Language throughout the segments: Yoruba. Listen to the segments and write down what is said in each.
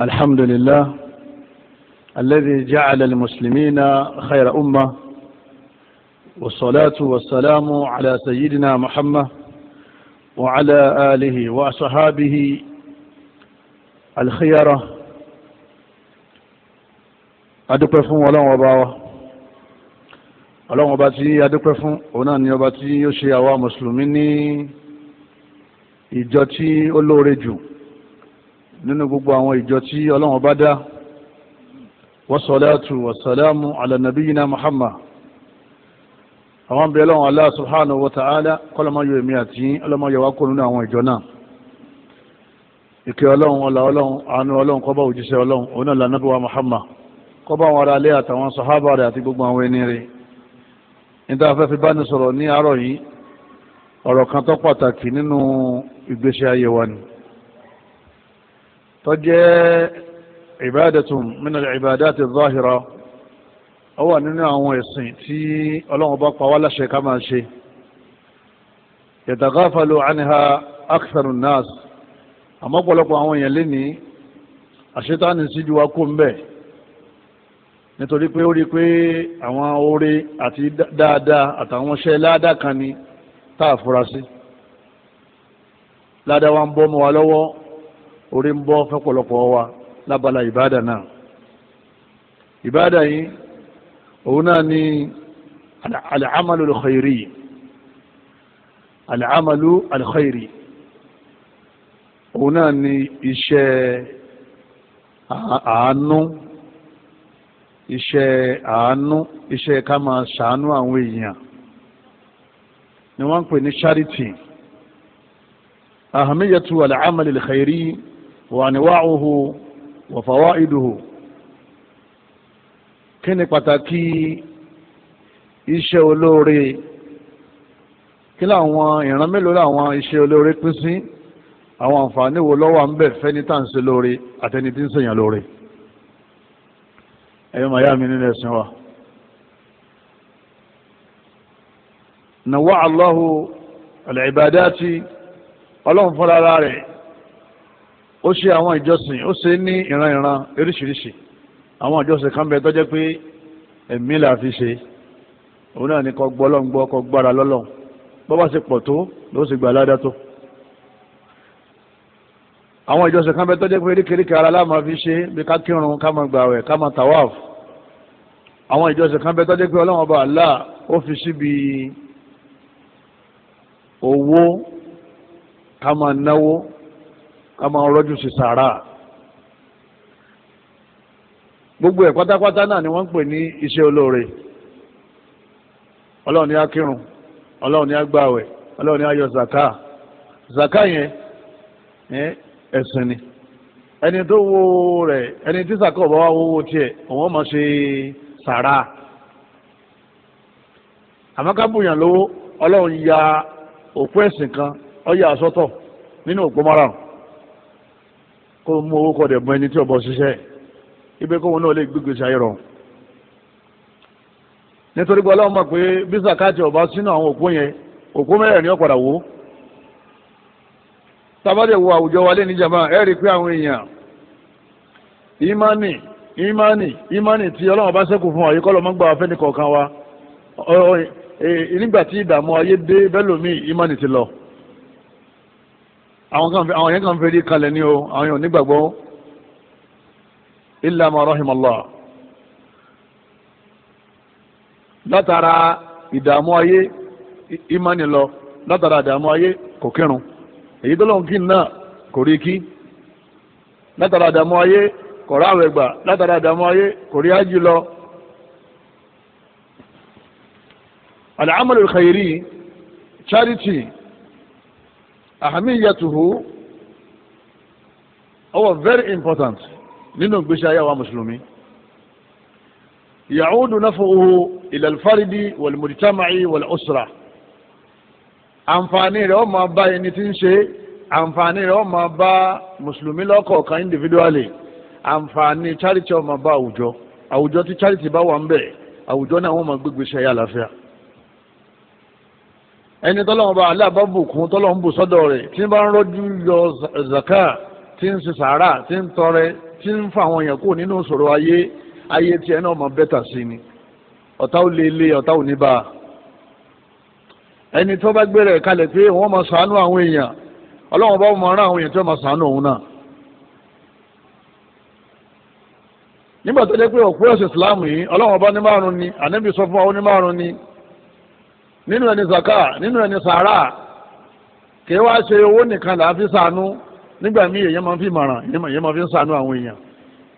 الحمد لله الذي جعل المسلمين خير أمة والصلاة والسلام على سيدنا محمد وعلى آله وصحابه الخيرة adúpẹ́ fún ọlọ́run ọba wa ọlọ́run ọba tí adúpẹ́ fún òun náà ni ọba tí ó ṣe àwa mùsùlùmí ní ìjọ tí ó lóore jù nínú gbogbo àwọn ìjọ tí ọlọ́run bá dá wasalaatu wasalaamu ala nabiyina muhammad àwọn bẹ́ẹ̀ lọ́wọ́ allah subhanahu wa ta'ala kọ́lọ́mọ́yọ èmi àti ọlọ́mọ́yọ wa kó nínú àwọn ìjọ náà ìkẹ́ ọlọ́run ọlá ọlọ́run àánú ọlọ́run kọ́bá òjíṣẹ́ ọlọ́run òun náà lànà bíwá muhammad kọ́bá àwọn ará ilé àtàwọn sàhábà rẹ̀ àti gbogbo àwọn ẹni rẹ̀ níta afẹ́ fi bá ní àárọ̀ yìí ọ̀rọ̀ kan tó pàtàkì nínú ìgbésí ayé wa ni tó jẹ́ ibadatun min al-ibadati adh-dhahira ó wà nínú àwọn ẹ̀sìn tí ọlọ́run bá pa wá láṣẹ ká máa ṣe yataghafalu anha aktharu an-nas àmọ́ pọ̀lọpọ̀ àwọn èèyàn lénìí àṣetáni síjú wa kó ń bẹ̀ nítorí pé ó rí i pé àwọn oore àti dáadáa àtàwọn iṣẹ́ ládàá kan ni tá a fura sí ládàá wa ń bọ́ mọ́ wa lọ́wọ́ orí ń bọ́ fọ́pọ̀lọpọ̀ wa lábala ìbáàdà náà ìbáàdà yìí òun náà ni al-amalu al-khayri al-amalu al-khayri òun náà ni iṣẹ́ àánú iṣẹ́ àánú iṣẹ́ ká máa ṣàánú àwọn èèyàn ni wọ́n ń pè ní charity ahamiyatu al-amal وأنواعه وفوائده kí ni pàtàkì iṣẹ́ olóore kí làwọn ìran mélòó làwọn iṣẹ́ olóore pín sí àwọn àǹfààní wo ló wà ń bẹ fẹ́ni tá à ń àtẹni tí ń ṣèyàn lóore ẹ̀yọ́ màá yá mi nínú ẹ̀sìn wa. nàwọ́ Allahu al ọlọ́run rẹ̀ ó ṣe àwọn ìjọsìn ó ṣe ní ìran ìran oríṣiríṣi àwọn ìjọsìn kan bẹ tó jẹ́ pé ẹ̀mí là fi ṣe òun náà ni kó gbọ́ Ọlọ́run gbọ́ kó gbára lọ́lọ́run bó bá ṣe pọ̀ tó ló sì gbà ládàá tó àwọn ìjọsìn kan bẹ tó pé eríkèéríkèé ara la fi ṣe bí ká kírun ká máa gbààwẹ̀ ká máa tawaf àwọn ìjọsìn kan bẹ tó jẹ́ pé Ọlọ́run Ọba Allah ó fi síbi owó ká máa náwó ká máa rọ́jú sí sàárà gbogbo ẹ̀ pátápátá náà ni wọ́n ń pè ní iṣẹ́ olóore ọlọ́run ní akírun ọlọ́run ní agbáwẹ̀ ọlọ́run ní ayọ̀ zaka zaka yẹn ẹ̀sìn ni ẹni tó wo rẹ̀ ẹni tí zaka ọba wa wo tiẹ̀ òun máa ṣe sàárà àmọ́ ká bùyàn lówó ọlọ́run ya òkú ẹ̀sìn kan ó yà sọ́tọ̀ nínú òpó kó mú owó kọ́ mọ ẹni tí ọ̀bọ̀ ṣiṣẹ́ ibẹ̀ wọn náà lè gbégbèsè ayé rọrùn nítorí pé ọlọ́run mọ̀ pé bí sàkáàtì ọba sínú àwọn òpó yẹn òpó mẹ́rẹ̀ẹ̀rin ọ̀padà wò ó tábàdé wo àwùjọ wa lé ní ẹ rí i pé àwọn èèyàn ìmánì ìmánì ìmánì tí ọlọ́run bá sẹ́kù fún wa kọ́lọ́ wa nígbà tí ìdààmú ayé dé ìmánì ti lọ. àwọn kan àwọn yẹn kan fẹ́ẹ́ kalẹ̀ ní o àwọn yẹn ò nígbàgbọ́ illa ma rahimallah látara ìdààmú ayé ìmánì lọ látara ìdààmú ayé kò kírun èyí tó lóun kí náà kò rí kí látara ìdààmú ayé kò rí àwẹ̀ gbà látara ìdààmú ayé kò rí ájì lọ. al-amalul charity ahamiyatuhu ọwọ́ very important nínú gbèsè ayé wa mùsùlùmí yàcúdù nafuhu ila alfaridi walmujtamaci walusra àǹfààní rẹ̀ ó máa bá ẹni tí ń ṣe àǹfààní rẹ̀ ó máa bá mùsùlùmí lọ́kọ̀ọ̀kan individually àǹfààní charity ó máa bá àwùjọ àwùjọ tí charity bá wà ń bẹ àwùjọ náà wọ́n máa gbégbèsè ayé àlàáfíà. ẹni tọ́lọ́run ala babu kun tọ́lọ́run bù sọ́dọ̀ rẹ̀ tí ń bá ń rọ́jú yọ zaka tí ń ṣe tí ń tọrẹ tí ń fa àwọn èèyàn kúrò nínú ìṣòro ayé ayé tiẹ̀ náà bẹ́tà sí ni ọ̀tá ò lè lé ọ̀tá ò ní bá a ẹni tó bá gbé kalẹ̀ pé wọ́n máa ṣàánú àwọn èèyàn bá máa rán àwọn èèyàn tí wọ́n ni sọ fún wa ó ni nínú ẹni zaka nínú ẹni sàárà kì í wá ṣe owó nìkan là á fi sànú nígbà míì èèyàn máa fi mọ̀ràn èèyàn máa fi ń sànú àwọn èèyàn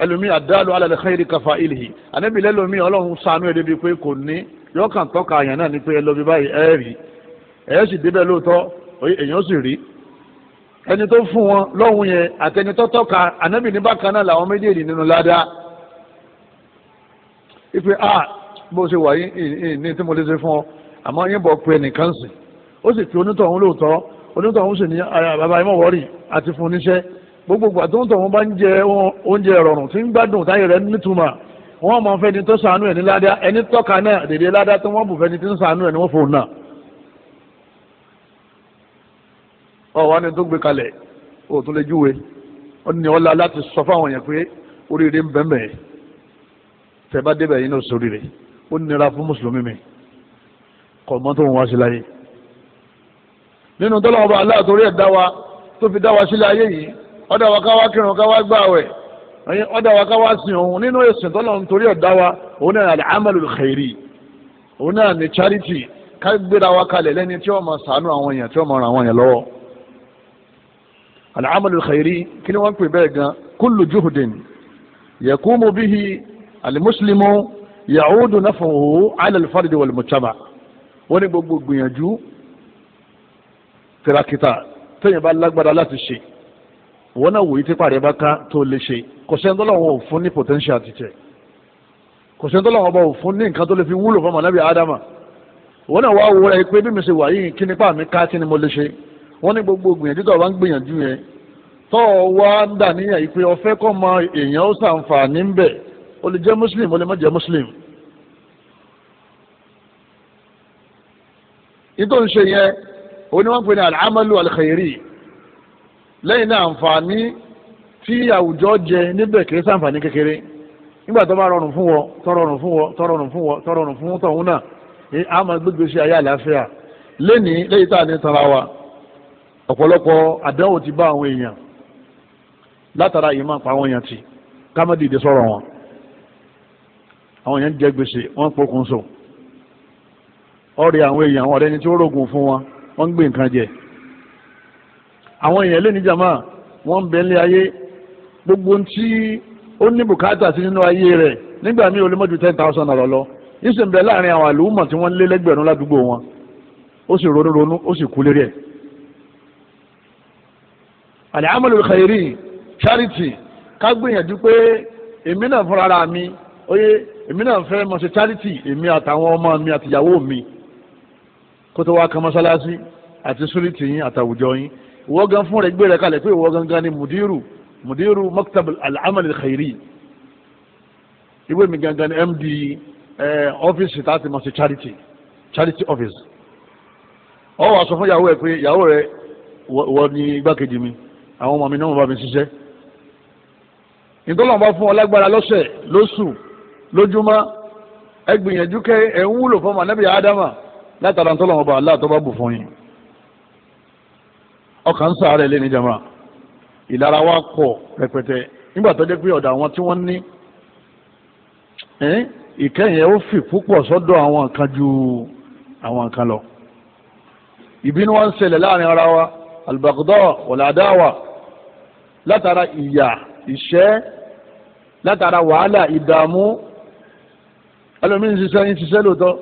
ẹlòmíì àdáàlú alẹ́ xeyìrì kàfà ìlì ànábì lẹ́lòmíì ọlọ́run sànú ẹ̀ débi pé kò ní yọ kàn tọ́ka àyàn náà ni pé ẹ lọ bí báyìí ẹ rí ẹ sì débẹ̀ lóòótọ́ èèyàn sì rí ẹni tó fún wọn lọ́hùn yẹn àtẹni tó tọ́ka ànábì ní bákan náà làwọn méjèèjì nínú ládàá ipe a ah, bó ṣe wà yín ní tí mo lè ṣe fún ọ àmọ́ yín bọ̀ pé ẹnìkan sìn ó sì fi onítọ̀hún lóòótọ́ onítọ̀hún sì ní bàbá yín wọ́ọ̀rì àti fún oníṣẹ́ gbogbo ìgbà tó ń tọ̀hún bá ń jẹ oúnjẹ ìrọ̀rùn tí ń gbádùn táyé rẹ̀ nítumà wọ́n mọ̀ fẹ́ni tó sànú ẹ̀ ní ládá ẹni tọ́ka náà dèdè ládá tó wọ́n bù fẹ́ni tó sànú ẹ̀ ní wọ́n fòun náà. ọ̀wá ni tó gbé kalẹ̀ ó tún lè júwe ó ní ọlá láti sọ fáwọn yẹn pé oríire ń bẹ́ẹ̀ mẹ́ẹ̀ tẹ́ bá débẹ̀ yín náà sóríire ó nira fún mùsùlùmí mi kọ̀ọ̀mọ́ tó ń wá sí láyé nínú tọ́lọ́wọ́ bá aláà torí ẹ̀ dá wa tó fi dá wa sílẹ̀ ayé yìí ọ̀dà wa ká wá kírun ká wá gbààwẹ̀ ọ̀dà wa ká wá sìn òun nínú ẹ̀sìn tọ́lọ́wọ́ torí ẹ̀ dá wa òun náà ní amalul khairi òun náà ní charity ká gbéra wa kalẹ̀ lẹ́ni tí wọ́n máa sàánú àwọn èèyàn tí wọ́n máa ràn àwọn èèyàn lọ́wọ́ amalul khairi kí ni wọ́n pè bẹ́ẹ̀ gan kullu juhudin yakumu bihi alimuslimu ya'udu nafuhu ala alfardi wal mujtama' wọ́n ní gbogbo gbìyànjú tìràkìtà téèyàn bá lágbára láti ṣe wọ́n náà wòye tipa rẹ̀ bá ká tó lè ṣe kò wọn ò fún ní potential ti tẹ̀ kò sẹ́ni tọ́lọ̀ wọn bá ò fún ní nǹkan tó lè fi wúlò fún mọ̀lẹ́bí ádámà wọ́n náà wá wo rẹ̀ pé bí mi ṣe wà yìí kí nípa mi ká kí ni mo lè ṣe wọ́n ní gbogbo gbìyànjú tó wá ń gbìyànjú yẹn tó wá ń dà níyà yìí pé ọ̀fẹ́ kọ́ mọ èèyàn ó ṣàǹfààní ń bẹ̀ ó lè jẹ́ muslim ó lè má jẹ́ muslim nítorí ń ṣe yẹn òní wọ́n ń pè ní al-amalu al-khairi lẹ́yìn náà àǹfààní tí àwùjọ jẹ níbẹ̀ kìí sàǹfààní kékeré nígbà tó bá rọrùn fún wọ tó rọrùn fún wọ tó rọrùn fún wọ tó rọrùn fún tọ̀hún náà a máa gbégbé sí ayé àlàáfíà lẹ́nìí lẹ́yìn tá a ní tara wa ọ̀pọ̀lọpọ̀ àdánwò ti bá àwọn èèyàn látara yìí máa pa àwọn èèyàn tì ká má dìde sọ̀rọ̀ wọn àwọn èèyàn jẹ gbèsè wọ́n pokùn so ọ̀rẹ́ àwọn èèyàn àwọn ọ̀rẹ́ ni tí ó rògùn fún wọn wọ́n ń gbé nǹkan jẹ àwọn èèyàn lé níjàmá wọ́n ń bẹ ní ayé gbogbo tí ó ní bùkátà sí nínú ayé rẹ nígbà míì ó lè mọ́ ten thousand naira lọ yíṣẹ́ ń bẹ láàrin àwọn àlùmọ̀ tí wọ́n lé lẹ́gbẹ̀rún ládùúgbò wọn ó sì ronú ronú ó sì kú lérí ẹ̀ al-amalul khairi charity ká gbìyànjú pé èmi náà fúnra mi ó yẹ èmi náà fẹ́ mọ̀ ṣe charity èmi àtàwọn ọmọ mi àtìyàwó mi kó tó wá kan mọ́sálásí àti súrìtì yín àtàwùjọ yín ìwọ gan fún rẹ gbé rẹ kalẹ̀ pé ìwọ gangan ni mùdírù mùdírù maktab al-amal al-khairi ìwé mi gangan ni md ọ́fíìsì tààtì mọ̀ sí charity charity office ọ wàá sọ fún yàwó ẹ pé yàwó rẹ wọ ní igbákejì mi àwọn ọmọ mi náà bá mi ṣiṣẹ́ ìtọ́lọ́mọba fún ọ lọ́sẹ̀ lóṣù lójúmọ́ ẹ gbìyànjú kẹ ẹ ń wúlò fún ọmọ anábìyà ádámà látara ń tọ́lọ́wọ́n bá aláàtọ́ bá bù fún yín ọkàn sàárẹ̀ lé ní jama ìlara wa pọ̀ rẹpẹtẹ nígbà tó dé pé ọ̀dọ̀ àwọn tí wọ́n ní ìkẹyìn ó fi púpọ̀ sọ́dọ̀ àwọn nǹkan ju àwọn nǹkan lọ ìbínú wa ń ṣẹlẹ̀ láàrin ara wa albagdọ́ wàládáwà látara ìyà ìṣẹ́ látara wàhálà ìdààmú ẹlòmíín ṣiṣẹ́ ń ṣiṣẹ́ lóòótọ́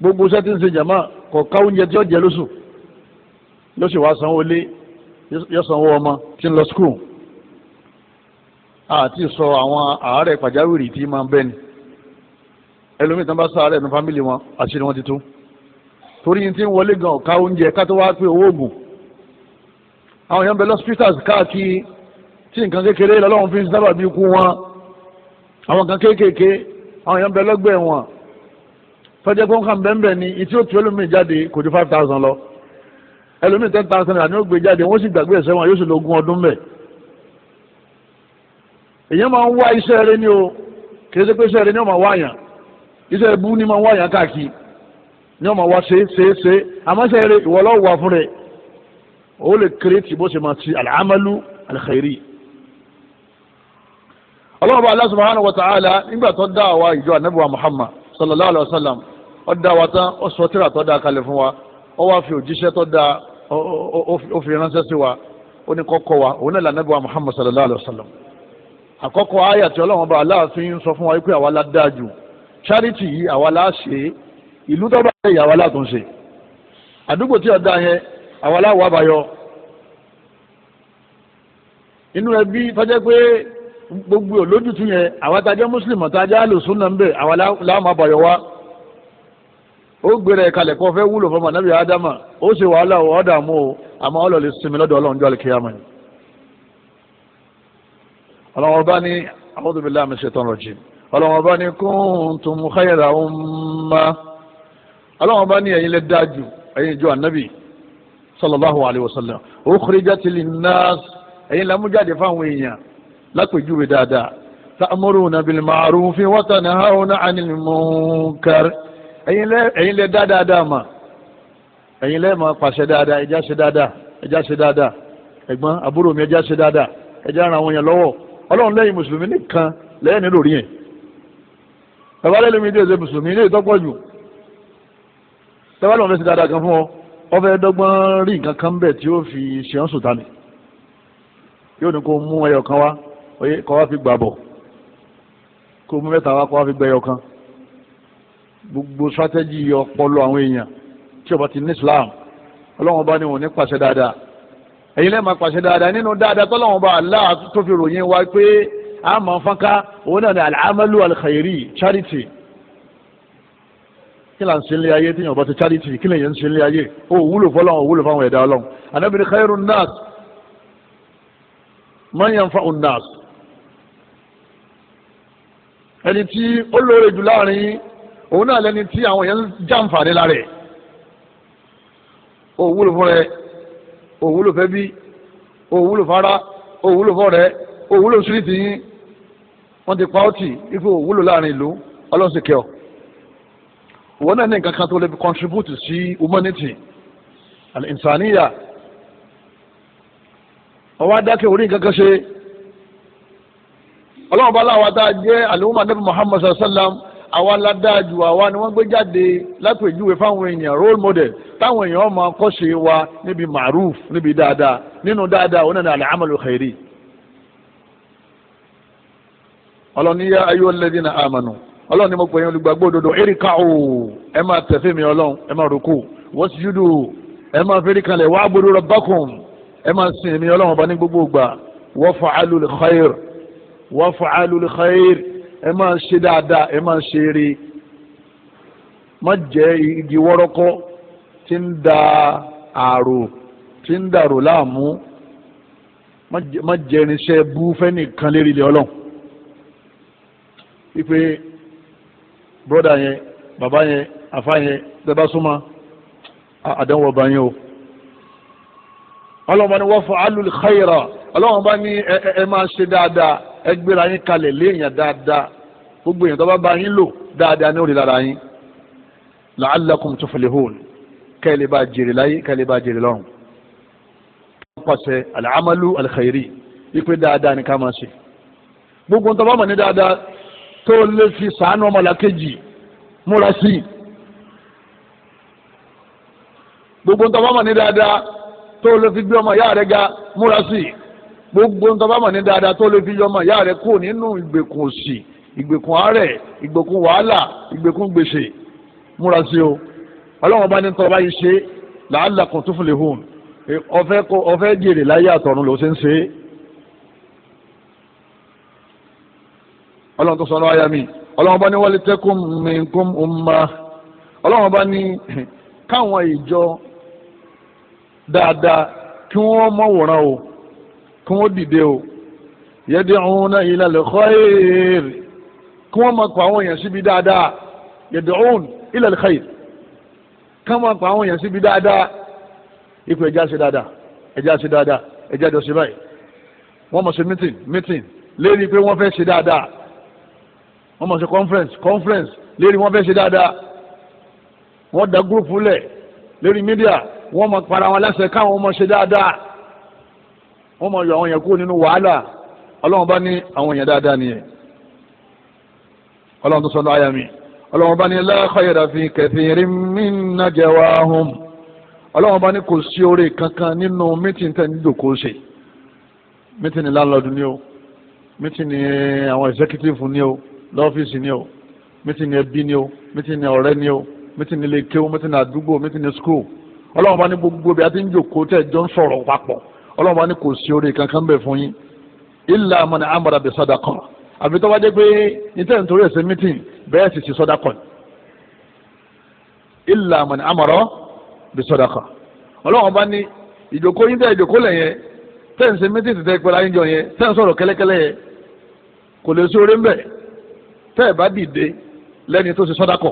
gbogbo sẹ́tí ń ṣe jàmá kò ká oúnjẹ tí ó jẹ lóṣù yóò sì wá sanwó ilé yóò sanwó ọmọ tí ń lọ skul àti sọ àwọn àárẹ̀ pàjáwìrì tí máa ń bẹ́ni ẹlòmíì tán bá sáré nu fámìlì wọn àṣírí wọn ti tú torí ní tí ń wọlé gan ọ̀ka oúnjẹ ká wá pé owó oògùn àwọn èèyàn bẹ lọ́sítítàs káàkiri tí nǹkan kékeré lọ́lọ́run fi ń sábà bí ikú wọn àwọn nǹkan kéékèèké àwọn èèyàn bẹ lọ́gbẹ̀ẹ́ wọn tọ́jẹ́ kó ń kàn bẹ́ẹ̀ bẹ́ẹ̀ ni etí òkè olómi jáde kò ju five thousand lọ ẹlòmíì ten thousand naira ni ó gbé jáde wọ́n sì gbàgbé ẹ̀sẹ̀ wọn yóò sì lọ ogún ọdún bẹ́ẹ̀. èyàn máa ń wá iṣẹ́ rẹ ní o kì í ṣe pé iṣẹ́ rẹ ní ọmọ wáyàn iṣẹ́ ibú ni máa ń wáyàn káàkiri ní ọmọ wa ṣe ṣe ṣe àmọ́ iṣẹ́ rẹ ìwọ lọ́wọ́ wà fún rẹ o lè kírètì bó ṣe máa ti alamalu alkhairi. Allah subhanahu wa ta'ala nígbà tó dá àwa ìjọ ànábì Muhammad sallallahu alayhi wa sallam ọ̀dà wa tán ó sọ tíra tó dáa kalẹ̀ fún wa ó wá fi òjíṣẹ́ tó dáa ó fi ránṣẹ́ sí wa ó ní kọ́kọ́ wa òun náà lànàbí Muhammad sallallahu alayhi wa sallam àkọ́kọ́ àyà tí ọlọ́run bá aláàfin sọ fún wa pé àwa la dáa jù charity yìí àwa la ṣe ìlú tó bá yẹ ìyá wa látúnṣe àdúgbò tí ọ̀dà yẹn àwa la wà báyọ̀ inú ẹbí fẹ́jẹ́ pé gbogbo olójútu yẹn àwa tá mùsùlùmí tá a náà ń bẹ̀ àwa la máa báyọ̀ wa ó gbéra ẹ̀ kalẹ̀ kó fẹ́ wúlò fọmọ nàbí ádámà ó ṣe wàhálà ó dààmú o àmọ́ ọ lọ lè sinmi lọ́dọ̀ ọlọ́run jọ́ àlùkìyàmọ́ ni. ọlọ́run ọba ní a'udhu billahi minash shaitanir rajim ọlọ́run ọba ní kuntum khayra ummah ọlọ́run ọba ní ẹ̀yin lè dájú ẹ̀yin ìjọ ànábì sallallahu alayhi wa sallam ukhrijat linnas ẹ̀yin lámújáde fáwọn èèyàn lápèjúwe dáadáa ta'muruna bil ma'rufi wa tanhawna 'anil munkar ẹ̀yin lẹ ẹ̀yin lẹ dá dáadáa mà ẹ̀yin lẹ máa pàṣẹ dáadáa ẹjá ṣe dáadáa ẹjá ṣe dáadáa ẹ̀gbọ́n àbúrò mi ẹjá ṣe dáadáa ẹjá ran àwọn yẹn lọ́wọ́ ọlọ́run lẹ́yìn mùsùlùmí nìkan lẹ́yìn nílò rí yẹn bàbá lẹ́yìn mi dé mùsùlùmí ilé ìtọ́pọ̀ jù bàbá fẹ́ ṣe dáadáa kan fún ọ wọ́n fẹ́ dọ́gbọ́n rí nǹkan tí ó fi ṣe ń sùtánì yóò ní kó mú ẹyọ kan wá kó wá fi gbàbọ̀ kó gbogbo strategy ọpọlọ àwọn èèyàn tí ó bá ti ní islam ọlọ́wọ́n bá ní wọn ní pàṣẹ dáadáa ẹ̀yin lẹ́ẹ̀ máa pàṣẹ dáadáa nínú dáadáa tọ́lọ́wọ́n bá Allah tó fi ròyìn wa pé a máa fọ́nká òun náà ní al-amalu charity kí là ń ṣe ń lé ayé tí yàn ti charity kí lè yẹn ń ṣe ń lé ayé ó wúlò fọlọ́wọ́n ó wúlò fáwọn ẹ̀dá ọlọ́run anábìrin khairun nas man yanfa'un nas ẹni tí ó lóore jù láàrin òun náà lẹni tí àwọn èèyàn ń jàǹfààní lára ẹ̀ òwúlò fún rẹ òwúlò fẹ́ bí òwúlò fara òwúlò fọ́rẹ́ òwúlò síríìtì yín wọ́n ti pa ọ́ tì ife òwúlò láàrin ìlú ọlọ́sìn kẹ́ ọ òun náà ní nǹkan kan tó lè contribute sí humanity and insaniya ọwọ́ adákẹ́ orí nǹkan kan ṣe ọlọ́run bá láwa tá a jẹ́ àlùmọ́ àdébù Muhammad sallallahu alayhi wa sallam àwa ládáa jù àwa ni wọ́n gbé jáde lápèjúwe fáwọn èèyàn role model táwọn èèyàn máa kọ́ṣe wa níbi maruf níbi dáadáa nínú dáadáa òun náà ni al-amalu khairi. ọlọ́ni yá ayé alladhina amanu ọlọ́run ni mo pè yín olùgbàgbọ́ òdodo erika o ẹ máa tẹ̀fẹ́ mi ọlọ́run ẹ máa rúkú wasjudu ẹ máa fẹ́rí kalẹ̀ wa'budu rabbakum ẹ máa sin mi ọlọ́run ọba ní gbogbo ìgbà waf'alul khair waf'alul khair ẹ máa ṣe dáadáa ẹ máa ṣe eré má jẹ́ igi wọ́rọ́kọ́ tí ń da àrò tí ń dàrò láàmú má jẹ́ irinṣẹ́ bú fẹ́nìkan lérí ilé ọlọ́run wípé bọ́dà yẹn bàbá yẹn àfa yẹn bẹ́ẹ̀ súnmọ́ àdánwò ọba yẹn o ọlọ́run bá ní wọ́n fọ alùlù khayra ọlọ́run bá ní ẹ máa ṣe dáadáa ẹ gbéra yín kalẹ̀ léèyàn dáadáa gbogbo èèyàn tó bá bá yín lò dáadáa ní òrìlà ara yín la'allakum tuflihun kẹ́lẹ́ bá jèrè láyé kẹ́lẹ́ bá jèrè lọ́run. wọ́n pàṣẹ alàmàlú alkhairi ipe dáadáa ni ká máa ṣe gbogbo ń tọ́ bá mọ̀ ní dáadáa tó lè fi sàánú ọmọlàkejì múra sí i gbogbo ń bá mọ̀ ní dáadáa tó lè fi gbé ọmọ ìyá ga múra sí i. gbogbo ń tọ́ba mọ̀ ní dáadáa tó lè fi yọmọ ìyá rẹ kúrò nínú ìgbèkùn òṣì ìgbèkùn àárẹ̀ ìgbèkùn wàhálà ìgbèkùn gbèsè múra sí o ọlọ́wọ́n bá ní tọ́ba yìí ṣe tún láyé àtọ̀run ló ṣe ń ṣe é tó sọ mi bá ní tẹ́kùn bá kí wọ́n dìde o yad'una ila al-khair kí wọ́n máa kọ àwọn èèyàn síbi dáadáa yad'una ila al-khair kí wọ́n máa kọ àwọn èèyàn síbi dáadáa ipò ẹja ṣe dáadáa ẹja ṣe dáadáa ẹja jọ ṣe báyìí wọ́n máa ṣe meeting meeting lérí pé wọ́n fẹ́ ṣe dáadáa wọ́n máa ṣe conference conference lérí wọ́n fẹ́ ṣe dáadáa wọ́n da gúrùpù lẹ̀ lérí mídíà wọ́n máa para wọn láṣẹ káwọn máa ṣe dáadáa wọ́n máa yọ àwọn èèyàn kúrò nínú wàhálà ọlọ́run bá ní àwọn èèyàn dáadáa nìyẹn ọlọ́run tó sọ́nà àyà mi ọlọ́run bá ní la khayra fi kathirin min najwahum ọlọ́run bá ní kò sí oore kankan nínú mítìn tẹ̀ ní ìdòkó ṣe mítìn ní láńlọ́ọ̀dù ni o mítìn àwọn ẹ̀sẹ́kítífù ni o lọ́fíìsì ni o mítìn ẹbí ni o mítìn ọ̀rẹ́ ni o mítìn ilé kéwú mítìn àdúgbò mítìn skul ọlọ́run bá ní gbogbo bí a ti ń jòkó tẹ̀ jọ ń sọ̀rọ̀ papọ̀ ọlọ́run bá ní kò sí orí kankan bẹ̀ fún yín illa man amara bi sadaqa àfi tó bá dé pé níta nítorí ẹ̀sẹ̀ mítìn bẹ́ẹ̀ sì ti sadaqa illa man amara bi sadaqa ọlọ́run bá ní ìjókòó yín tẹ́ ìjókòó lẹ̀ yẹn tẹ́ ń ṣe mítìn tẹ́ pẹ́lá yín jọ yẹn tẹ́ ń sọ̀rọ̀ kẹ́lẹ́kẹ́lẹ́ yẹn kò lè sí orí ń bẹ̀ tẹ́ ẹ̀ bá dìde lẹ́ni tó ṣe sadaqa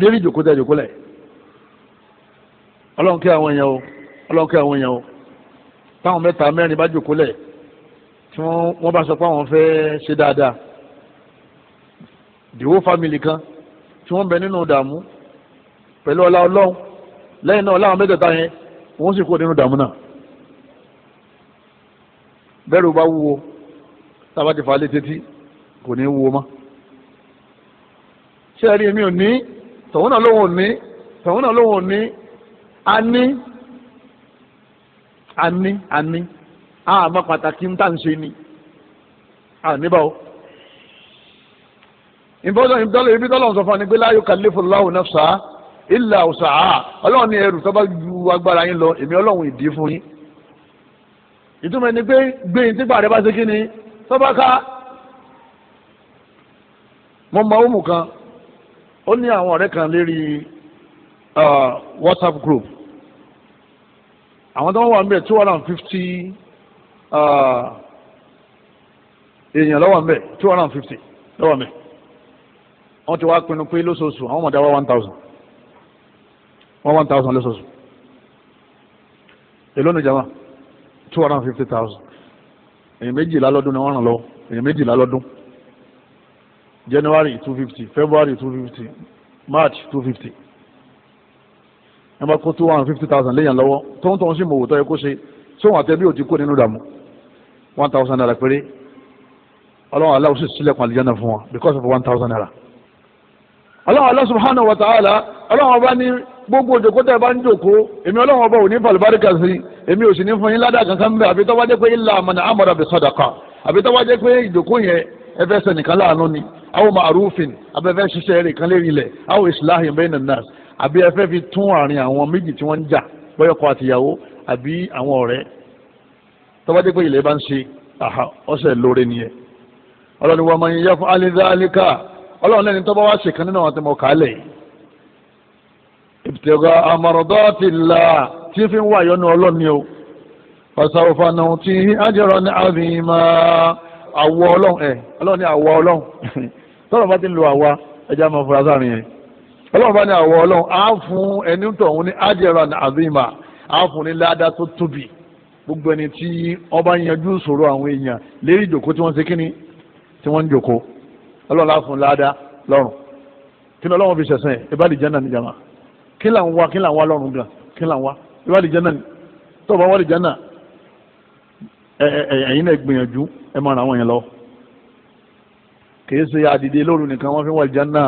lérí ìjòkó tẹ́ ìjòkó lẹ̀ ọlọ́run kí àwọn èèyàn o ọlọ́run kí àwọn èèyàn o táwọn mẹ́ta mẹ́rin bá jòkó lẹ̀ tí wọ́n bá sọ pé àwọn fẹ́ ṣe dáadáa dìwó fámìlì kan tí wọ́n bẹ nínú dààmú pẹ̀lú ọlá ọlọ́run lẹ́yìn náà láwọn mẹ́tẹ̀ẹ̀ta yẹn wọ́n sì kó nínú dààmú náà bẹ́ẹ̀rù bá wúwo tábà ti fà kò ní wúwo mọ́ ṣé ẹ̀rí mi ò ní tòun náà lóhùn ní tòun náà lóhùn ní ani ani ani àmọ́ pàtàkì ń tà ń ṣe ni àníbàwò ìbọ́dọ̀ ìbọ́dọ̀ ibi tọ́lọ̀ sọ fún ni pé la yukallifu Allahu nafsa illa wus'aha ọlọ́run ní ẹrù tó bá ju agbára yín lọ èmi ọlọ́run ìdí fún yín. ìtumọ̀ ẹni pé gbẹ̀yìn tí gbàdé bá ṣe kí ni tọ́ba ká mọ mọ òmù kan ó ní àwọn ọ̀rẹ́ kan lérí uh, WhatsApp group àwọn tó ń wà níbẹ̀ two hundred and fifty uh, èèyàn lọ́wọ́ níbẹ̀ two hundred and fifty lọ́wọ́ níbẹ̀ wọ́n ti wá pinnu pé lóṣooṣù àwọn ọmọdé wá one thousand wọ́n one thousand lóṣooṣù èló ni jama two hundred and fifty thousand èèyàn méjìlá lọ́dún ni wọ́n ràn lọ́wọ́ èèyàn méjìlá lọ́dún. January two fifty February two fifty March two fifty ẹ máa kó two hundred fifty thousand léyàn lọ́wọ́ tóun tóun sì mọ̀ òwò tó yẹ kó ṣe sóun àtẹ̀bí ò ti kó nínú ìdààmú one thousand naira péré ọlọ́run aláwọ̀ sì sílẹ̀kùn àlìjáná fún wa because of one thousand naira. ọlọ́run Allah subhanahu wa ta'ala ọlọ́run ọba ní gbogbo òjòkó tẹ́ bá ń jòkó èmi ọlọ́run ọba ò ní fàlùbáríkà sí èmi ò sì ní fún yín ládàá kankan bẹ́ẹ̀ àbí tọ́wọ́ pé illa man amara bi sadaqa àbí tọ́wọ́ pé ìjòkó yẹn ẹ fẹ́ sẹ́nìkan láàánú ni aw ma'rufin abẹ́fẹ́ ṣiṣẹ́ rẹ̀ kan lérí ilẹ̀ aw islahin bayna an-nas àbí ẹfẹ́ fi tún àárín àwọn méjì tí wọ́n ń jà bọ́yọ̀kọ àtìyàwó àbí àwọn ọ̀rẹ́ tọ́wọ́dé pé ilẹ̀ bá ń ṣe ọ̀sẹ̀ lóore nìyẹn ọlọ́ni wa man yaf'al dhalika ọlọ́run lẹ́ni tọ́ bá wá ṣèkan nínú àwọn tẹmọ̀ kálẹ̀ ibtigha mardatillah tí fi ń wà yọnu ọlọ́ni o fasawfa nu'tihi ajran 'azima àwọ̀ ọlọ́run ẹ̀ ọlọ́run ní àwọ̀ ọlọ́run tọ́lọ̀ bá ti lo àwa ẹja máa fura sáàrin yẹn ọlọ́run bá ní àwọ̀ ọlọ́run á fún ẹni tọ̀hún ní ájẹ̀rọ àzìmà á fún ní ládàá tó tóbi gbogbo ẹni tí ọba yanjú ìṣòro àwọn èèyàn lérí ìjòkó tí wọ́n ṣe kíni tí wọ́n ń jòkó ọlọ́run á fún ládàá lọ́rùn kí ni ọlọ́run fi ṣẹ̀sìn ẹ̀ ìbá àlìjánà ni jàmá kí là ń wá kí là ń wá lọ́rùn gan kí là ń wá ìbá àlìjánà ni tọ́ọ̀bù àwọn àlìjánà ẹ̀yin náà gbìyànjú ẹ máa ràn àwọn yẹn lọ́wọ́ kìí ṣe àdìde lóru nìkan wọ́n fi wọ àlìjánnà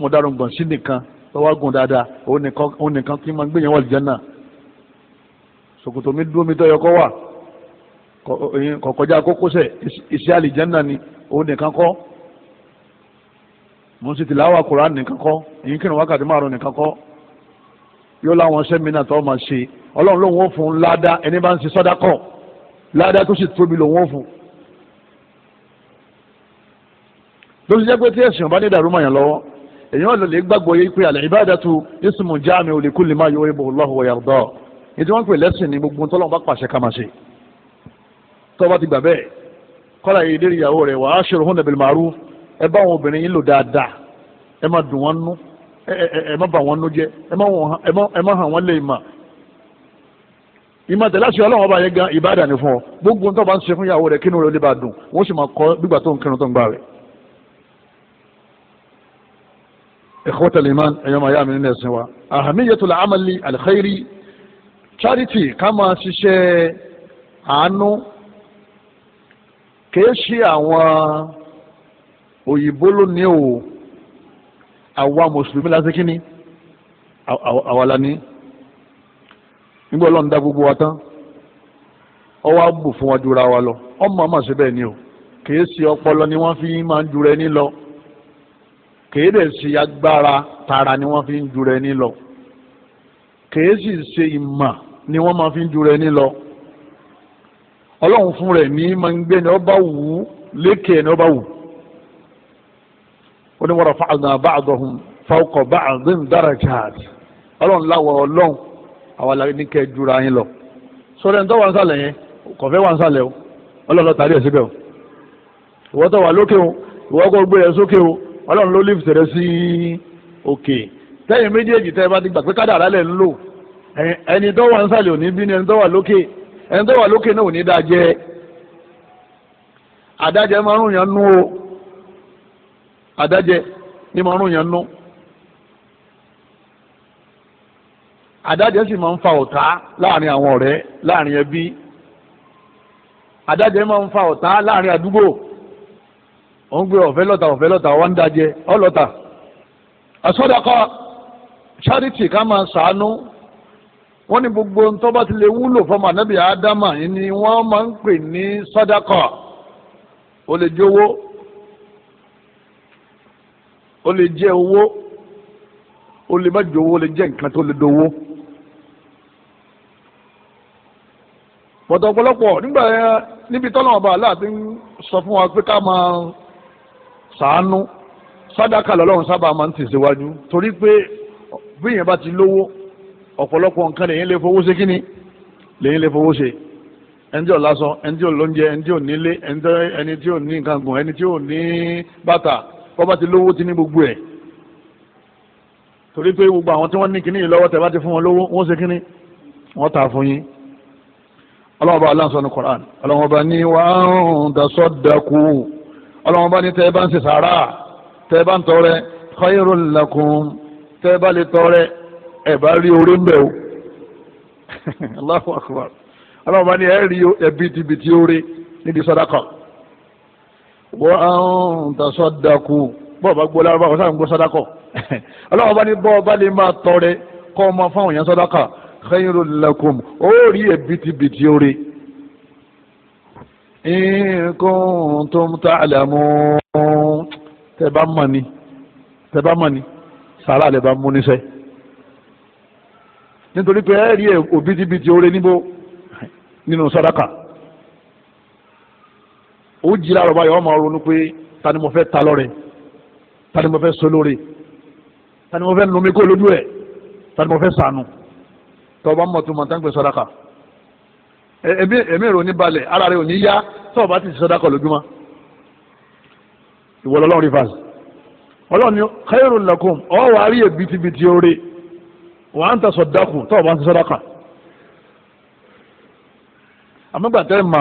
mo dárùngbọ̀n sí nìkan lọ́wọ́ gùn dáadáa òun nìkan kí n máa gbìyànjú àlìjánnà ṣòkòtò mi dúró mi tọ́yọ kọ́ wà kọ̀kọ́já kókósẹ̀ iṣẹ́ àlìjánnà ni òun nìkan kọ́ mo sì ti láwà Kùránì nìkan kọ́ èyí kìrìn wákàtí márùn nìkan kọ́ yóò láwọn sẹ́mínà tó máa ṣe ọlọ́run lòun ó fún ládàá ẹni bá ń ṣe sọ́dákọ̀ ládàá tó sì tóbi lòun ó fún ló ti jẹ́ pé tí ẹ̀sìn ọba ní ìdàrú mọ̀ yàn lọ́wọ́ èyàn ló lè gbàgbọ́ yé pé àlẹ́ ìbádàtu ismu jami'u li kulli ma yuhibbu Allahu wa yarda ní tí wọ́n ń pè lẹ́sìn ní gbogbo tọ́lọ́ bá pàṣẹ ká máa ṣe tó bá ti gbà bẹ́ẹ̀ kọ́lá yìí lérí ìyàwó rẹ̀ wa ashiruhunna bil ma'ruf ẹ bá àwọn obìnrin yín lò dáadáa ẹ má dùn wọn nú ẹ má bà wọn nú jẹ́ ẹ má wọn lè mà ikhwata al-iman ẹ̀yọ́mọ̀ ayá mi nínú ẹ̀sìn wa ahamiyatul amali al-khairi charity ká máa ṣiṣẹ́ àánú kìí ṣe àwọn òyìnbó lónìí o àwa mùsùlùmí láti kíní àwa la ní nígbà ọlọ́run dá gbogbo wa tán ọwọ́ àbù fún wa jura wa lọ ọmọ àmọ̀ síbẹ̀ ni o kìí ṣe ọpọlọ ni wọ́n fi máa ń jura ẹni lọ kèé dẹ̀ ṣe agbára tara ni wọ́n fi ń jura ẹni lọ kèé sì ṣe ìmọ̀ ni wọ́n máa fi ń jura ẹni lọ ọlọ́run fún rẹ̀ ní máa ń gbé ni ọba wù ú lékè ni ọba wù ó ní wọ́n fàánà ba'dahum fawqa ba'din darajat ọlọ́run láwọ̀ ọlọ́run àwọn ní kẹ́ jura yín lọ wà ń sàlẹ̀ yẹn wà ń sàlẹ̀ o ọlọ́run ẹ̀ síbẹ̀ o wà lókè o gbé sókè o ọlọ́run ló lift rẹ sí òkè tẹ́yìn méjèèjì tẹ́ ẹ bá ti gbà pé kádàrá lẹ̀ ń lò ẹni tó wà nísàlẹ̀ òní bí ni ẹni tó wà lókè ẹni tó wà lókè náà òní dájẹ́ àdájẹ máa ń yàn nú o àdájẹ ni máa ń yàn nú àdájẹ sì máa ń fa ọ̀tá láàrin àwọn ọ̀rẹ́ láàrin ẹbí àdájẹ máa ń fa ọ̀tá láàrin àdúgbò òun gbé ọ̀fẹ́ lọ́ta ọ̀fẹ́ lọ́ta wọ́n ń dajẹ ọlọ́ta àsọdọ̀kọ charity ká máa sàánú wọ́n ní gbogbo tó bá ti lè wúlò fọmọ ànábì ádámà ni wọ́n máa ń pè ní sọdọ̀kọ ó lè jẹ́ owó ó lè jẹ́ owó ó lè má jẹ́ owó ó lè jẹ́ nǹkan tó lè dowó. bọ̀dọ̀ ọ̀pọ̀lọpọ̀ nígbà níbi tọ́lọ́mọba aláàtí ń sọ fún wa pé ká máa sàánú sádàkà lọ́lọ́run sábà máa ń tì síwájú torí pé bí èèyàn bá ti lówó ọ̀pọ̀lọpọ̀ nǹkan lèyìn lè fowó ṣe kíni lèyìn lè fowó ṣe ẹni tí ò lásán ẹni tí ò lóúnjẹ ẹni tí ò nílé ẹni tí ò ní nǹkan gùn ẹni tí ò ní bàtà bọ́ bá ti lówó ti ní gbogbo ẹ̀ torí pé gbogbo àwọn tí wọ́n ní kíní yìí lọ́wọ́ tẹ̀ bá ti fún wọn lówó wọ́n ṣe kíní wọ́n tà fún yín ọlọ́wọ́n bá aláǹsọ̀ ní Qur'an ọlọ́wọ́n bá ní wàá ń dasọ́dakú ọlọ́run bá ní tẹ́ ẹ bá ń ṣe sàárà tẹ́ ẹ bá ń tọrẹ khairul lakum tẹ́ ẹ bá lè tọrẹ ẹ bá rí orí ń bẹ̀ o Allahu akbar ọlọ́run bá ní ẹ rí ẹbí tibitì orí nídìí sàdákà wa an tasaddaqu bọ́ọ̀ bá gbọ́ lárúbá ọ̀sán gbọ́ sàdákà ọlọ́run bá ní bọ́ọ̀ bá lè máa tọrẹ kọ́ ọmọ fáwọn èèyàn sàdákà khairul lakum ó rí ẹbí tibitì orí in kuntum ta'lamun tẹ́ bá mọ̀ ni tẹ́ bá mọ̀ ni sàrà lè bá mú níṣẹ́ nítorí pé ẹ̀rí ẹ̀ òbítíbitì oore níbo nínú sàdákà ó jí láàrọ̀ báyọ̀ ọmọ ronú pé ta ni mo fẹ́ ta lọ́rẹ̀ ta ni mo fẹ́ so lóore ta ni mo fẹ́ numi lójú ẹ̀ ta ni mo fẹ́ sànù tọ́ bá mọ̀ tó mọ̀ ẹ̀mí ẹ̀mí rò ní balẹ̀ ara rẹ̀ ò ní yá tọ́ọ̀ bá ti ṣe sọ́dákọ̀ lójúmọ́ ìwọ lọ́lọ́run rivers ọlọ́run ni khairul lakum ọ̀ wá rí èbìtìbìtì oore wà á ń tẹ̀sọ̀ dákù tọ́ọ̀ bá ti sọ́dákà àmọ́gbàtẹ́ mà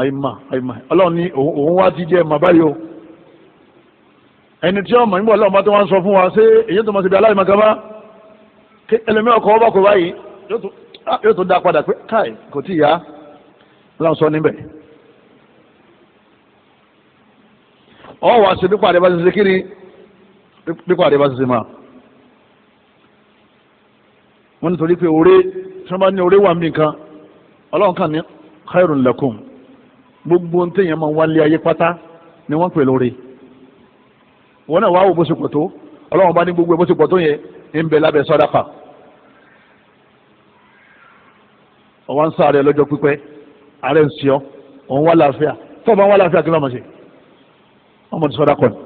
àìmà àìmà ọlọ́run ni òun wá ti jẹ́ mà báyìí o ẹni tí ọmọ nígbà ọlọ́run bá tó wá sọ fún wa ṣé èyí tó mọ̀ síbi aláìmọ̀ kan bá ẹlẹ́mìí ọkọ̀ ọ Ah, yóò tó dá padà pé káì kò tí ì yá lọ́n sọ níbẹ̀. ọ wá sí pípa àdébá ṣiṣẹ́ kí ni pípa àdébá ṣiṣẹ́ máa. wọ́n nítorí pé oore tí wọ́n bá ní oore wà mí nǹkan ọlọ́run kàn ní khairun lakum gbogbo ohun téèyàn máa ń wálé ayé pátá ni wọ́n pè lóore. wọ́n náà wá wò bó ṣe pọ̀ tó ọlọ́run bá ní gbogbo ẹ̀ bó ṣe pọ̀ tó yẹn ń bẹ lábẹ́ sàdákà. ọwọ́ ń sáré lọ́jọ́ pípẹ́ ààrẹ ń sọ òun wà láàfíà tó o bá wà láàfíà kí ló máa ṣe ọmọ ti sọdá kọ ni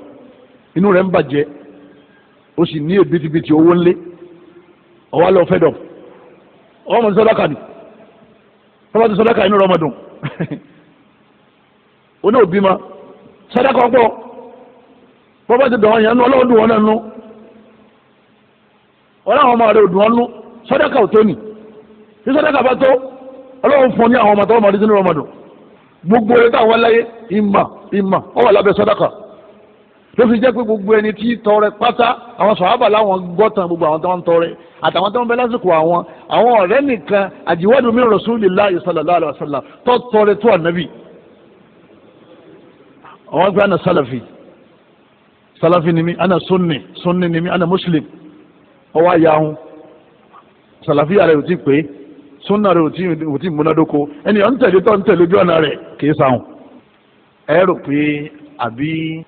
inú rẹ̀ ń bàjẹ́ ó sì ní èbìtìbìtì owó ńlé ọwọ́ lọ fẹ́ dọ̀ ọmọ ti sọdá kà ni tọ́lá ti sọdá kà inú rẹ̀ ọmọ dùn ó ní òbí ma sọdá kọ pọ̀ bọ́bá ti dọ̀ ọ́ yẹn nú ọlọ́run dùn wọn náà nú ọlọ́run ọmọ rẹ̀ ò ní sọ́dọ̀kà bá tó ọlọ́run fún ọ ní àwọn ọmọ tọ́wọ́ màdí sínú rọmọdún gbogbo ẹ̀ táwọn aláyé ìmà ìmà ọ wà lábẹ́ sọ́dọ̀kà ló fi jẹ́ pé gbogbo ẹni tí tọrẹ pátá àwọn sọ̀hábà láwọn gbọ́tàn gbogbo àwọn tó ń tọrẹ àtàwọn tó ń bẹ lásìkò àwọn àwọn ọ̀rẹ́ nìkan àjíwádùn mi Rasulullah sallallahu alaihi wasallam tó tọrẹ tó ànábì àwọn gbé ana salafi salafi ni mi ana sunni sunni ni mi ana muslim ọwọ́ àyà ahun salafi yàrá yóò ti pè é súnà rẹ̀ ò tí múnádóko ẹni ọ̀ ń tẹ̀lé tọ́ ń tẹ̀lé ojú ọ̀nà rẹ̀ kìí sáhùn. ẹ rò pé àbí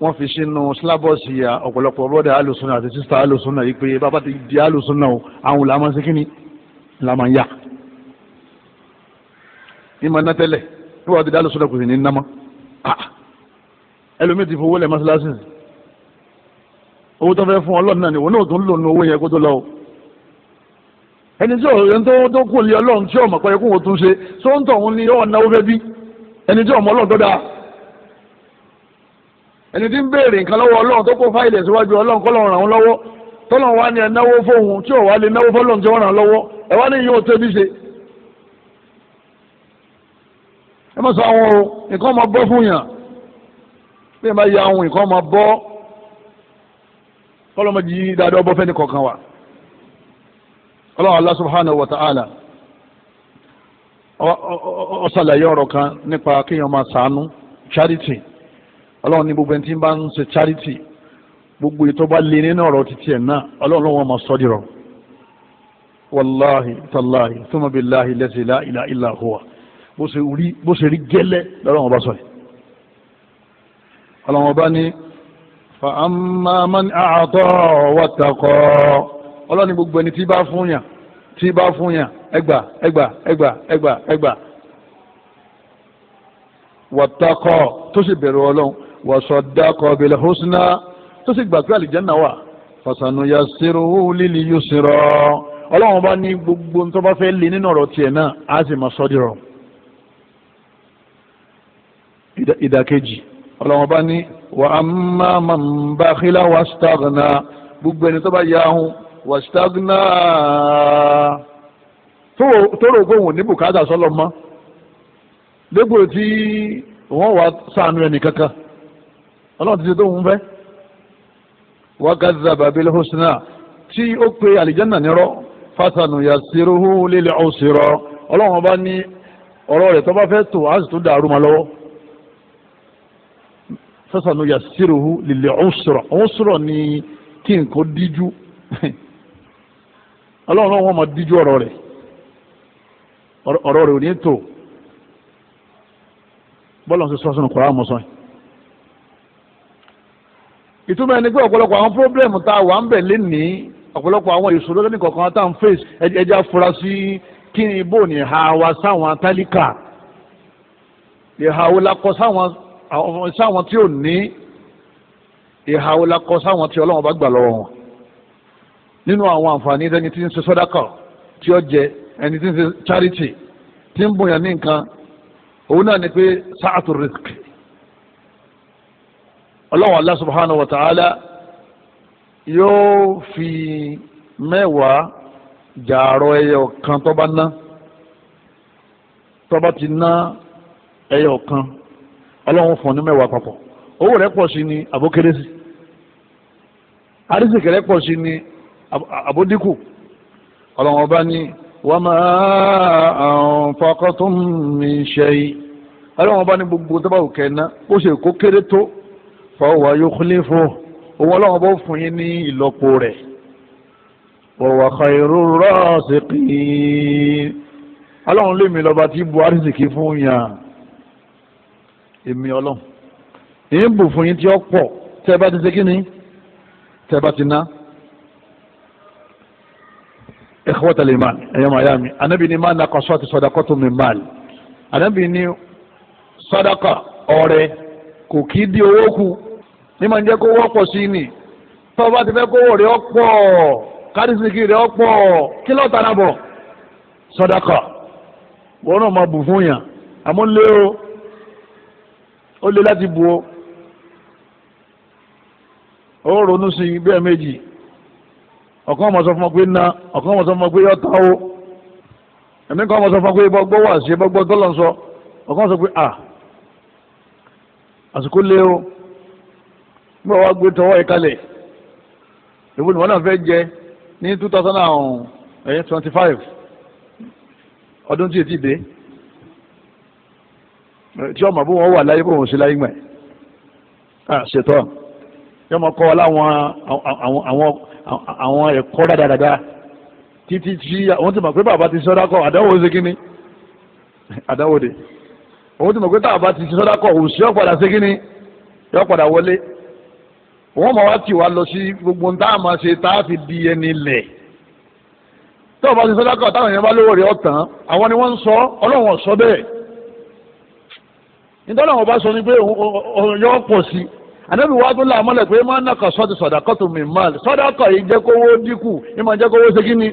wọ́n fi sínú sílábọ̀sì ọ̀pọ̀lọpọ̀ bọ́dà alùsùnà àti sísá alùsùnà yìí pé bàbá ti di alùsùnà o àwọn làmọ́ sí kínní làmọ́ yá. ní ma ná tẹ́lẹ̀ níwọ̀n ti di alùsùnà kò sì ní ná mọ́ ah! ẹlòmíì ti fowó lẹ̀ owó tó fẹ́ fún ọlọ́run ni òun náà tún lò ní owó yẹn kó tó lọ ẹni tí ọ̀rẹ́ tó tó kù lé ọlọ́run tí ọmọ pẹ̀lú kó wọ́n tún ṣe tó ń tọ̀hún ni ọ̀ náwó fẹ́ bí ẹni tí ọmọ ọlọ́run tó dáa ẹni tí ń béèrè nǹkan lọ́wọ́ ọlọ́run tó kó fáìlì síwájú ọlọ́run kọ́ lọ́run ràn án lọ́wọ́ tọ́lọ́run wá ní ẹ náwó fóun tí ò wá lè náwó fọ́lọ́run tí wọ́n ràn lọ́wọ́ ẹ wá ní yóò tẹ́bí ṣe. ẹ má sọ àwọn o nǹkan máa bọ́ fún yàn bí ẹ má ya àwọn nǹkan máa bọ́ kọ́lọ́mọ yìí dáadáa bọ́ fẹ́ni kọ̀ọ̀kan wa ọlọ́run Allah subhanahu wa ta'ala ó ṣàlàyé ọ̀rọ̀ kan nípa kéèyàn máa ṣàánú charity ọlọ́run ní gbogbo ẹni tí ń bá ń ṣe charity gbogbo ètò bá lé nínú ọ̀rọ̀ títí ẹ̀ náà ọlọ́run lọ́wọ́ máa sọ́ dìrọ̀ wàláhi tàláhi thumma billahi lẹ́sẹ̀ ilá ilá bó ṣe rí gẹ́lẹ́ lọ́rọ̀ ọba sọ̀rọ̀ ọlọ́run ọba ní fa amma man a'ata wa ọlọ́ni gbogbo ẹni tí bá fún yàn tí bá fún yàn ẹgbà ẹgbà ẹgbà ẹgbà ẹgbà wàtakọ tó sì bẹ̀rù ọlọ́run wàsọdakọ bil husna tó sì gbà pé àlìjánná wà fàṣànúyà sírò líli yóò sírò ọlọ́run bá ní gbogbo tó bá fẹ́ lé nínú ọ̀rọ̀ tiẹ̀ náà á sì máa sọ́ ìdàkejì ọlọ́run bá ní wàhámà màmbáhílà wàsítàgànà gbogbo ẹni tó bá yà áhùn wàsítágínà tóró gbóhùn ní bùkátà sọlọ mọ lẹ́gbò tí wọ́n wà sànú ẹnì kankan ọlọ́run ti ṣe tó ń fẹ́ wákàtí babil hosina tí ó pe àlìjánà nírọ́ fásánù yasiruhu lil ọsirọ. ọlọ́run bá ní ọ̀rọ̀ tó bá tó àti tó dàrú ni kí n ọlọ́run náà wọ́n mọ̀ díjú ọ̀rọ̀ rẹ̀ ọ̀rọ̀ rẹ̀ ò ní tò bọ́ọ̀lù ṣe sọ sínú kọ́ra mọ́sán ìtumọ̀ ẹni pé ọ̀pọ̀lọpọ̀ àwọn pírọ́blẹ̀mù tá a wà ń bẹ̀ lénìí ọ̀pọ̀lọpọ̀ àwọn ìṣòro lónìí kọ̀ọ̀kan tá à ń fèsì ẹja fura kí ni bò ní ha wa sáwọn atálíkà ìhàwó la kọ sáwọn tí ò ní ìhàwó la kọ sáwọn tí ọlọ́run bá gbà lọ́wọ́ wọn. nínú àwọn àǹfààní ẹni tí ń ṣe sọ́dákà tí ó jẹ ẹni tí ń ṣe charity tí ń bùnyàn ní nǹkan òun ni pé sáàtù risk ọlọ́wọ́n Allah subhanahu wa ta'ala yóò fi mẹ́wàá jàrọ̀ ẹyọ kan tó bá ná bá ti ná ẹyọ kan ọlọ́wọ́n fún ní mẹ́wàá papọ̀ owó pọ̀ sí àbódíkù ọlọ́run ọba ní wọ́n máa anfaqtum min shay ọlọ́run ọba ní gbogbo tó bá wù kẹ́ẹ̀ná bó ṣe kó kéré tó fahuwa yukhlifu òun ọlọ́run ọba ó fún yín ní ìlọ́po rẹ̀ wa huwa khayru rasiqin ọlọ́run lèmi lọ́ba tí bu arísìkì fún yàn èmi ọlọ́run èyí ń bù fún yín tí ó pọ̀ tẹ́ bá ti ṣe kí ni tẹ́ bá ti ná ikhwata lil mal ẹ̀yọ́ mayami anabi ni ma naqasat sadaqatu min mal anabi ni sadaka ọrẹ kò kí di owó kù ní ma ń jẹ́ kó wọ́pọ̀ sí ni tó bá ti fẹ́ kó wò rẹ̀ ọ̀pọ̀ kárísìkì rẹ̀ ọ̀pọ̀ kí ló tara bọ̀ sadaka wọn náà máa bù fún yàn àmọ́ lé o ó lé bu o ó ronú sí bẹ́ẹ̀ méjì ọ̀kan ọmọ sọ fún ọ pé ná ọ̀kan ọmọ sọ fún ọ pé yọta o ẹ̀mí kan ọmọ sọ fún ọ pé bọ́gbọ́ wà sí bọ́gbọ́ tọ́lọ̀ ń sọ ọ̀kan sọ pé à àsìkò lé o nígbà wàá gbé tọwọ́ ìkalẹ̀ èwo ni wọ́n náà fẹ́ jẹ ní two thousand and twenty five ọdún tí ètí dé tí ọmọ bó wọn wà láyé bó wọn sí láyé gbà ṣètò yọmọ kọ́ ọ láwọn àwọn àwọn ẹ̀kọ́ dáadáa títí tí àwọn ti mọ̀ pé bàbá ti sọ́dá kọ́ àdáwò ṣe kíni àdáwò dé àwọn ti mọ̀ pé bàbá ti sọ́dá kọ́ òṣì ọ̀padà ṣe kíni yọ padà wọlé wọ́n mọ̀ wá tì wá lọ sí gbogbo tá a máa ṣe tá a fi di ẹni lẹ̀ tó o bá ti sọ́dá kọ́ táwọn èèyàn bá lówó rẹ̀ ọ̀tàn àwọn ni wọ́n ń sọ ọlọ́run ọ̀sọ́ bẹ́ẹ̀ nítorí àwọn ọba sọ ni pé yọ pọ̀ sí i anabi wa tó la mọ́lẹ̀ pé máa ń nàkà sọ́ọ̀tì sọ̀dàkọ́tù mi máa sọ́dàkọ́ yìí jẹ́ kówó dínkù ní máa jẹ́ kówó segin ni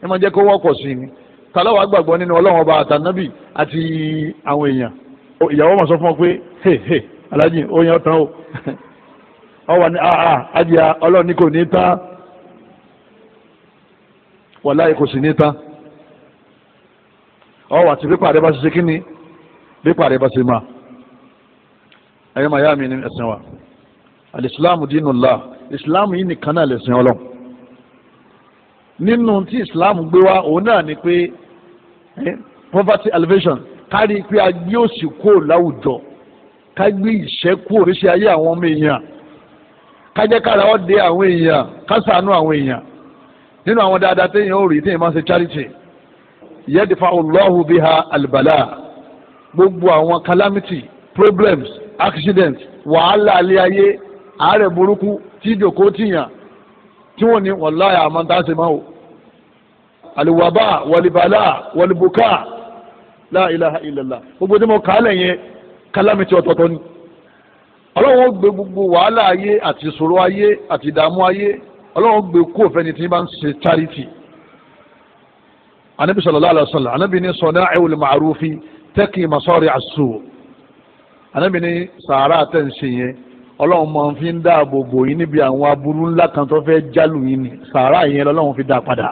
ní máa jẹ́ kówó ọkọ̀ sí ni tàlọ́wọ́ àgbàgbọ́ nínú ọlọ́run ọba àtànábì àti àwọn èèyàn ìyàwó máa sọ fún ọ pé he he alájì oyin ọ̀tán o ọ wà ní aa ah, adìyà ah, ọlọ́run ní kò ní tán wàláyé kò sì ní tán ọ wà tí pípa rẹ bá ṣe kí ni pípa rẹ bá ṣe máa ẹ̀yọ́ màá yá mi ní ẹ̀sìn wa alìsílámù dínú la ìsìlámù yìí nìkan náà lẹ̀sìn ọlọ́run nínú tí ìsìlámù gbé wá òun náà ni pé poverty elevation kárí pé a gbé òsì kúrò láwùjọ ká gbé ìṣẹ́ kúrò oríṣi ayé àwọn ọmọ èèyàn ká jẹ́ kára ọ́ de àwọn èèyàn ká ṣàánú àwọn èèyàn nínú àwọn dáadáa téèyàn ò rí téèyàn máa ṣe charity yẹ́dìfà Allahu biha albala gbogbo àwọn calamity problems accident wàhálà alẹ́ ayé àárẹ̀ burúkú tí ìjòkó tìyàn tí wọ́n ní wàláyà àmọ́ tá a ṣe máa o àlùwàbà wàlìbàlà wàlìbùkà láìláha ìlàlá gbogbo tí mo kà á lẹ̀ yẹn kálámìtì ọ̀tọ̀ọ̀tọ̀ ni ọlọ́run gbé gbogbo wàhálà ayé àti ìṣòro ayé àti ìdààmú ayé ọlọ́run gbé kú òfẹ́ni tí bá ń ṣe charity anabi sallallahu alaihi wasallam anabi ni sọ̀nà ẹ̀wùlì màrúfi tẹ́kì masọ́ọ̀rì àṣù anábì ní sàárà tẹ̀ ń ṣe yẹn ọlọ́run máa fi ń dáàbò bò yín níbi àwọn aburú ńlá kan tó fẹ́ jálù yín ni sàárà yẹn lọ́lọ́run fi dá padà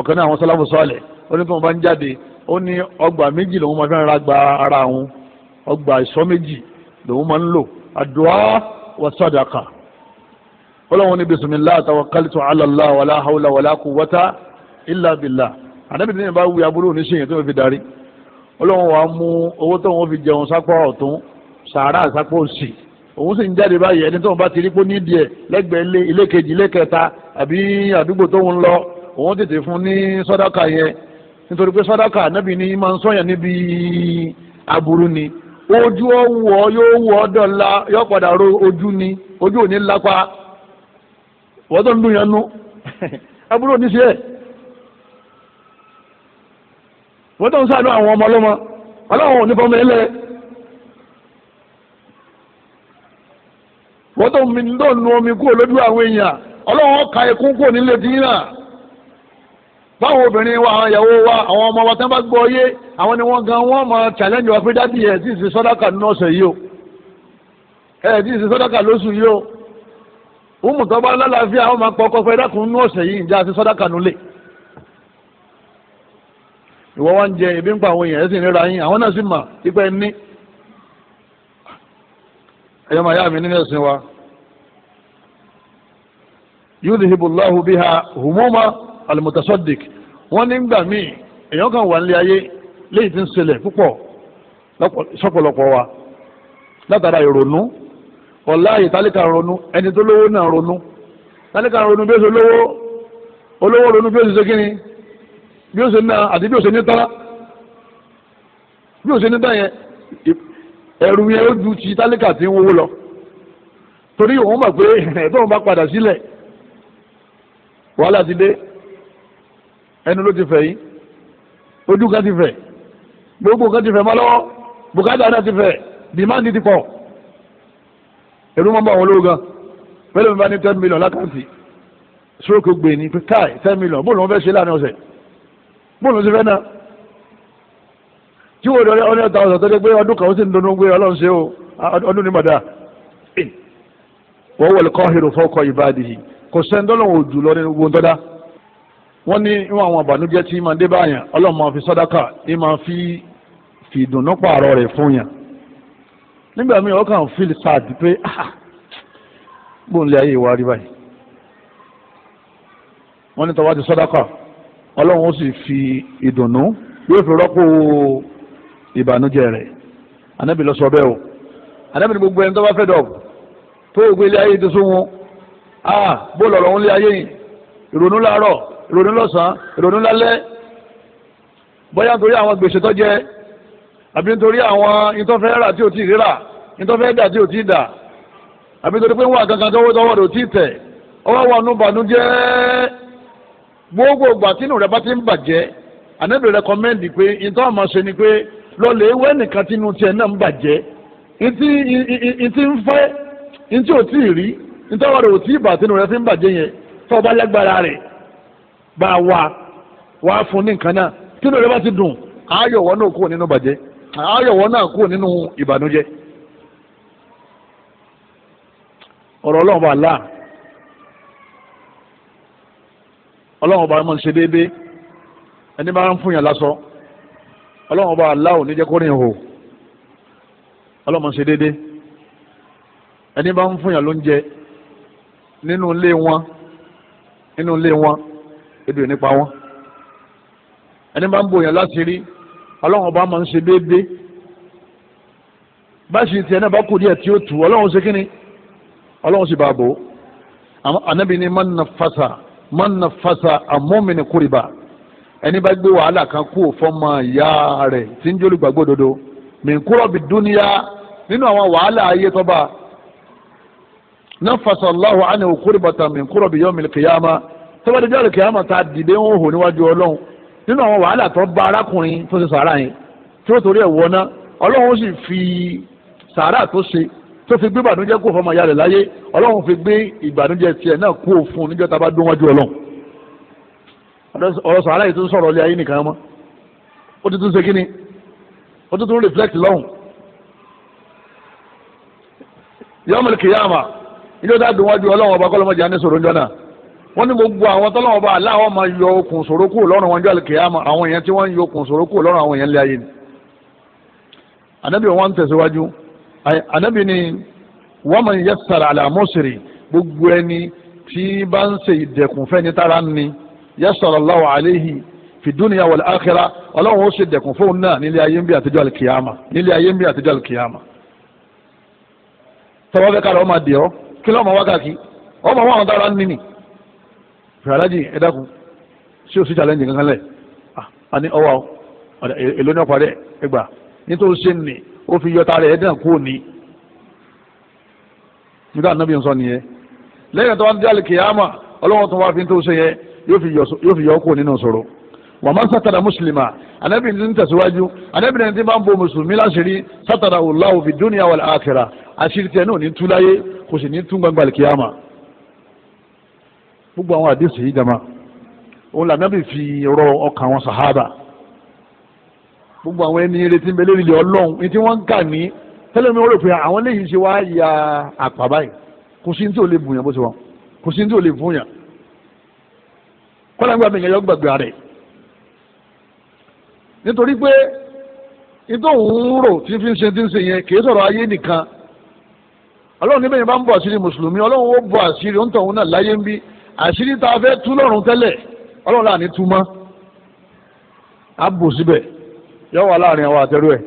ọ̀kan náà àwọn sọ́láfù sọ́ọ̀lẹ̀ ó ní tí wọ́n bá ń jáde ó ní ọgbà méjì lòun máa fi ń gba ara òun ọgbà ìṣọ́ méjì lòun máa ń lò àdúà wa sàdákà ọlọ́run ní bisimilah tawakkaltu ala Allah wala hawla wala quwwata illa billah ànábìtì ní ìbá wí aburú oníṣẹ́yìn tó ọlọ́run wa mú owó tóun fi jẹun sápò ọ̀tún sàárà sápò òsì òun sì ń jáde báyìí ẹni tóun bá ti rí pé ní díẹ̀ lẹ́gbẹ̀ẹ́ ilé ilé kejì ilé kẹta àbí àdúgbò tóun lọ òun tètè fún ní sàdákà yẹn nítorí pé sàdákà anábì ni máa ń sọ̀yàn níbi aburú ni ojú ó wù ọ́ yóò wù ọ́ dọ̀la yóò padà ro ojú ni ojú ò ní lápá wọ́n tó ń dùn yẹn nú aburú ò ní ṣe é. wọ́n tó ń sáànú àwọn ọmọ ọlọ́mọ ọlọ́run ò ní fọmọ ẹlẹ́ wọ́n tó mi tó nu omi kúrò lójú àwọn èèyàn ọlọ́run ọ̀ka nílé dín náà báwo obìnrin wa àwọn ìyàwó wa àwọn ọmọ wa tán bá ni wọ́n gan wọ́n challenge wa pé dáàbì ẹ̀ tí ì ṣe sọ́dáka nínú ọ̀sẹ̀ yìí o ẹ̀ tí ì ṣe sọ́dáka lóṣù yìí o bá lálàáfíà máa nínú ọ̀sẹ̀ yìí ìwọ wá ń jẹ ebi ń pa àwọn èèyàn ẹ̀sìn ìlera yín àwọn náà sì mà ipẹ́ ní. ẹ̀yọ́ màá yá mi nínú ẹ̀sìn wa. yudhibu Allahu biha humuma al-mutasaddiq wọ́n wọn gbà míì èèyàn kan wà nílé ayé léyìí ń púpọ̀ sọ́pọ̀lọpọ̀ wa látara ìrònú ọ̀la tálíkà ronú ẹni tó lówó náà ronú tálíkà ronú bí ó ṣe lówó olówó ronú bí ó bí ó ṣe ná àti bí ó ṣe ní tán bí ó ṣe ní tán yẹn ẹ̀rù yẹn ó ju ti tálíkà tí ń wówó lọ torí òun mọ̀ pé ẹ̀tọ́ bá padà sílẹ̀ wàhálà ti dé ẹnu ló ti fẹ̀ yín ojú kan ti fẹ̀ gbogbo kan ti fẹ̀ má bùkátà náà ti fẹ̀ dìmáàdì ti pọ̀ ẹ̀rú mọ́ bá wọn lówó gan pẹ̀lú mi bá ní ten million lákàntì stroke gbè ní káì ten million bóòlù wọn fẹ́ ṣe láàrin ọ̀sẹ̀ bóòlù sí fẹ́ náà tí wọ́n ọdún ọdún ọ̀tàwọ̀sán tó dé pé ọdún kan ó sì ń dunnú pé ọlọ́run ṣe o ọdún ní mọ̀dá wọ́n wọlé kọ́hìrò fọ́kọ̀ ìbàdìhì kò sẹ́ńdọ́lọ́wọ̀n òjò lọ nínú gbogbo ńdọ́dá wọ́n ní ìwọ̀n àwọn àbànújẹ́ tí máa ń dé báyàn ọlọ́run máa fi sàdákà ní máa fi fi ìdùnnú pààrọ̀ rẹ̀ fún yàn nígbà míì ọkàn feel sad pé ah, ah, bóun lè ayé ìwà rí báyìí wọ́n ní tọ́wọ́ ti sàdákà ọlọ́run ó sì fi ìdùnnú yóò fi rọ́pò ìbànújẹ́ rẹ̀ anábì lọ sọ bẹ́ẹ̀ o anábì ní gbogbo ẹni tó bá fẹ́ dọ̀ tó o gbé ilé ayé tó sún wọn a bó lọ̀rọ̀ òun lé ayé yìí ìrònú láàárọ̀ ìrònú lọ́sàn-án ìrònú lálẹ́ bóyá nítorí àwọn gbèsè tó jẹ àbí nítorí àwọn ìtọ́fẹ́ rà tí ò tí ì rírà ìtọ́fẹ́ dà tí ò tí dà àbí nítorí pé ń wà tó wọ́n tó wọ́n tó tí tẹ̀ ọwọ́ wọn nù bànújẹ́ gbogbo ìgbà tí inú rẹ bá ti ń bàjẹ́ ànábì rẹkọmẹ́ndì pé ìtọ́ àmọ́ ṣe ni pé lọ́lẹ̀ ewé nìkan tí inú tiẹ̀ náà ń bàjẹ́ ìtí ń fẹ́ ìtí ò tí ì rí ìtọ́wọ́ rẹ ò tí ì bà tí inú rẹ fi ń bàjẹ́ yẹn bá lágbára fún nìkan tí inú rẹ bá ọlọ́run ọba máa ń ṣe déédéé ẹni máa ń fún yàn lásọ ọlọ́run ọba aláwọ̀ níjẹ́ kó rìn hò ọlọ́run máa ń ṣe déédéé ẹni máa ń fún yàn lóúnjẹ nínú ilé wọn nínú ilé wọn ebi ò nípa wọn ẹni máa ń bòyàn láti rí ọlọ́run ọba máa ń ṣe déédéé báṣì tiẹ̀ náà bá kù díẹ̀ tí ó tù ọlọ́run ṣe kínni ọlọ́run sì bá bò ànábì ni man nafasa man nafasa amómìnì kúrìbà ẹni bá gbé wàhálà kan kú fọmọ ìyá rẹ̀ tí ń jólù gbàgbọ́ dodo mìkúrọ̀ bí dúníyà nínú àwọn wàhálà ayé tọ́ba nafasa Allahu àni kúrìbàtà mìkúrọ̀ bí yọmìlì kìyàmà tọ́badé jáde kìyàmà tá a dìde ń hò níwájú ọlọ́run nínú àwọn wàhálà tó bá arákùnrin tó ṣe sàárà yẹn tí ó torí ẹ̀ wọ́ná ọlọ́run ó sì fi sàárà tó ṣe tó fi gbé ìbànújẹ́ kó fọmọ ìyá rẹ̀ láyé ọlọ́run fi gbé ìbànújẹ́ tiẹ̀ náà kó fún níjọ́ tá a bá dún wájú ọlọ́run ọ̀rọ̀ sàárà yìí tó ń sọ̀rọ̀ ilé ayé nìkan mọ́ ó ti tún ṣe kíni ó ti tún reflect lọ́hùn yọ́mọ̀lì kìyàmà níjọ́ tá a dún wájú ọlọ́run ọba kọ́lọ́mọdé á ní sọ̀rọ̀ níjọ́ náà wọ́n ní gbogbo àwọn tọ́lọ́wọ́ bá aláwọ̀ máa yọ okùn ṣòro kúrò lọ́rùn wọn jọ àlùkìyàmà àwọn èèyàn tí wọ́n yọ okùn ṣòro kúrò lọ́rùn àwọn èèyàn lé ayé ni ànábì wọn ń tẹ̀síwájú anabi ni wa man yassara ala musri gbogbo ẹni tí bá ń ṣe ìdẹ̀kùn fẹ́ni tára ni yassara Allahu alayhi fi dunya wal akhirah ọlọ́run ó ṣe dẹ̀kùn fóun náà nílé ayé ń bí àtijọ́ alikiyama nílé ayé ń bí àtijọ́ alikiyama tọwọ́ fẹ́ kára ọmọ adìẹ kí lọ́mọ wákàtí ọmọ wọn àwọn tára nínì fìràlájì ẹ dákun sí òsì challenge kankan lẹ̀ àní ọwọ́ ó fi yọta rẹ̀ ẹ̀dẹ̀ kú òní nígbà nàbí ń sọ nìyẹn lẹ́yìn tó wá dé àlìkìyàmà ọlọ́wọ́n tó wá fi tó ṣe yẹn yóò fi yọ kú òní náà sọ̀rọ̀ wà máa ń sátara mùsùlùmá anábì ní tẹ̀síwájú anábì ní ti máa ń bo mùsùlùmí láṣìírí sátara Allahu fi dúnìá wal akhirah àṣírí tiẹ̀ náà ní tú láyé kò sì ní tú gbangba àlìkìyàmà gbogbo àwọn àdéhùn yìí jama òun làǹdàbì gbogbo àwọn ẹni retí ń bẹ lórí ilẹ̀ ọlọ́run ní tí wọ́n ń kà ní tẹ́lẹ̀ mi wọ́n rò pé àwọn léyìí ṣe wá ya àpá báyìí kò sí tí ò lè bùyàn bó ṣe wà kò sí tí ò lè fún yàn kọ́lá ń gbà mí ìyàyọ́ gbàgbé rẹ̀ nítorí pé ìtò òun rò tí fi ń ṣe tí ń ṣe yẹn kì í sọ̀rọ̀ ayé nìkan ọlọ́run níbẹ̀ yẹn bá ń bọ̀ àṣírí mùsùlùmí ọlọ́run ó bọ̀ àṣírí òun ń bí a fẹ́ tú lọ́run tẹ́lẹ̀ ọlọ́run láàánú yóò wà láàrin àwọn àtẹrù ẹ̀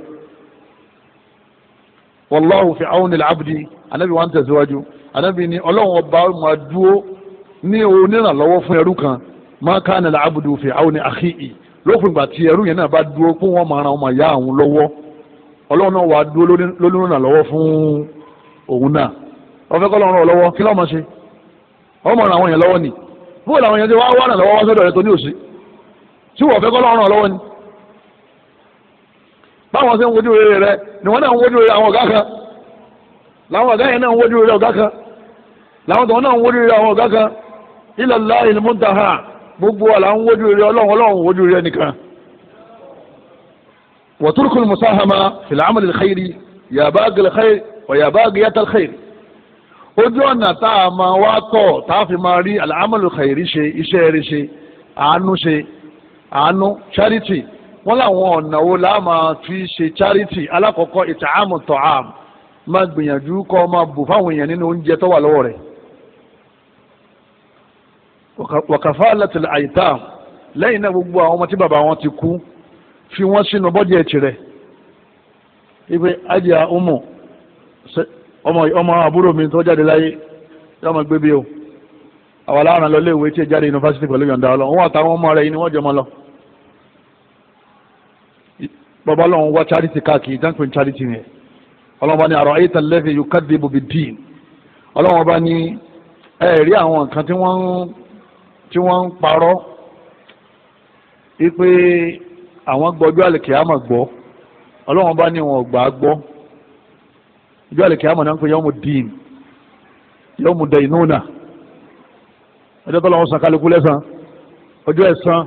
wàláhù fi àwọn ilẹ̀ abdi anabi wa ń tẹ̀síwájú anabi ni ọlọ́run ọba máa dúró ní onírànlọ́wọ́ fún ẹrú kan máa ká nílẹ̀ abudu fi àwọn àkíyì lófin ìgbà tí ẹrú yẹn náà bá dúró pé wọ́n máa ran ọmọ ìyá àwọn lọ́wọ́ ọlọ́run náà wà dúró lónírànlọ́wọ́ fún òun náà ọ̀fẹ́ kọ́ lọ́run lọ́wọ́ kí ló máa ṣe ọmọ ràn àwọn yẹn lọ́wọ́ ni bóyá àwọn yẹn ti wá wà ràn lọ́wọ́ wá sọ́dọ̀ rẹ tó ní báwọn ṣe ń wojú rere rẹ ni wọn náà ń wojú rere àwọn ọ̀gá kan làwọn ọ̀gá yẹn náà ń wojú rere ọ̀gá kan làwọn tó náà ń wojú rere àwọn ọ̀gá kan ilẹ̀ ńlá ìlúmọ̀ta hàn gbogbo wa là ń wojú rere ọlọ́run ọlọ́run wojú rere nìkan. wàtúrkùn musahama filamul xeyiri yaba gilxeyiri ọ̀yaba giyatal xeyiri ojú ọ̀nà tá a máa wá tọ̀ tá a fi máa rí alamul xeyiri ṣe iṣẹ́ rere ṣe àánú ṣe àánú charity wọ́n láwọn ọ̀nà wo la máa fi ṣe charity alákọ̀ọ́kọ́ ìtààmù tọ̀àm máa gbìyànjú kọ́ máa bù fáwọn èèyàn nínú oúnjẹ tó wà lọ́wọ́ rẹ̀ wàkàfà látìlẹ àyíká lẹ́yìn náà gbogbo àwọn ọmọ tí bàbá wọn ti kú fi wọ́n sínú bọ́dì ẹ̀ tirẹ̀ ibi ajá ọmọ ọmọ àbúrò mi tó jáde láyé yóò máa gbé bí o àwọn aláàrán lọ léèwé tí ẹ jáde yunifásitì pẹ̀lú yọ̀ǹda ọlọ́run wọn àtàwọn ọmọ rẹ̀ yìí ni wọ́n jọ mọ́ lọ bàbá lọ́wọ́ wá charity káàkiri dáńpẹ́ ní charity yẹn ọlọ́wọ́ bá ní àrò ayé tẹ̀lé fi yóò kádé bòbí dín ọlọ́wọ́ bá ní ẹ rí àwọn nǹkan tí wọ́n tí wọ́n ń parọ́ wípé àwọn gbọ́jọ́ àlèkèámọ̀ gbọ́ ọlọ́wọ́n bá ní wọn gbà á gbọ́ ìjọ àlèkèámọ̀ náà ń pè yọ́mù dín yọ́mù dẹ̀ ìnúnà ọjọ́ tó lọ́wọ́ san kálukú lẹ́sàn ọjọ́ ẹ̀san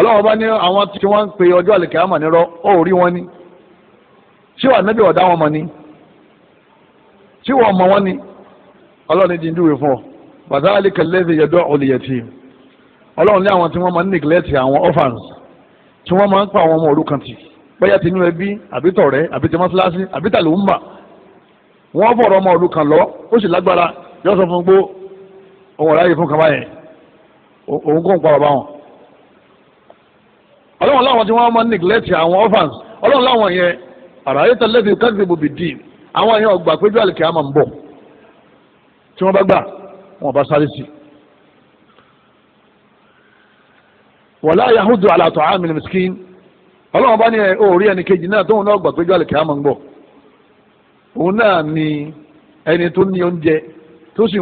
ọlọ́wọ́n bá ní àwọn tí wọ́n ń pe ọjọ́ àlèkè àmọ̀ nírọ́ ó rí wọn ni ṣé wà nábì ọ̀dá wọn mọ̀ ni ṣé wọ́n mọ̀ wọn ni ọlọ́run ti ń dúwe fún ọ bàtà àlèkè lẹ́sẹ̀ yẹ̀dọ́ olùyẹ̀tì ọlọ́run ní àwọn tí wọ́n máa ń nìgílẹ́tì àwọn orphans tí wọ́n máa ń pa àwọn ọmọ òrukàn tì bóyá tinú ẹbí àbí tọ̀rẹ́ àbí tẹmọ́síláṣí àbí tàlùmùbà wọ́n bọ̀rọ̀ ọmọ òrukàn lọ ó sì lágbára yọ sọ ọlọ́run láwọn tí wọ́n máa neglect àwọn orphans ọlọ́run láwọn yẹn àràyè tẹlẹ́fì kágbèbò bìdì àwọn yẹn ọgbà péjú àlèkè àmà ń bọ̀ tí wọ́n bá gbà wọn bá sáré sí. wala yahudu ọlọ́run bá ní ẹ náà tóun náà péjú àlèkè àmà ń bọ̀ òun náà ni ẹni tó ní oúnjẹ tó sì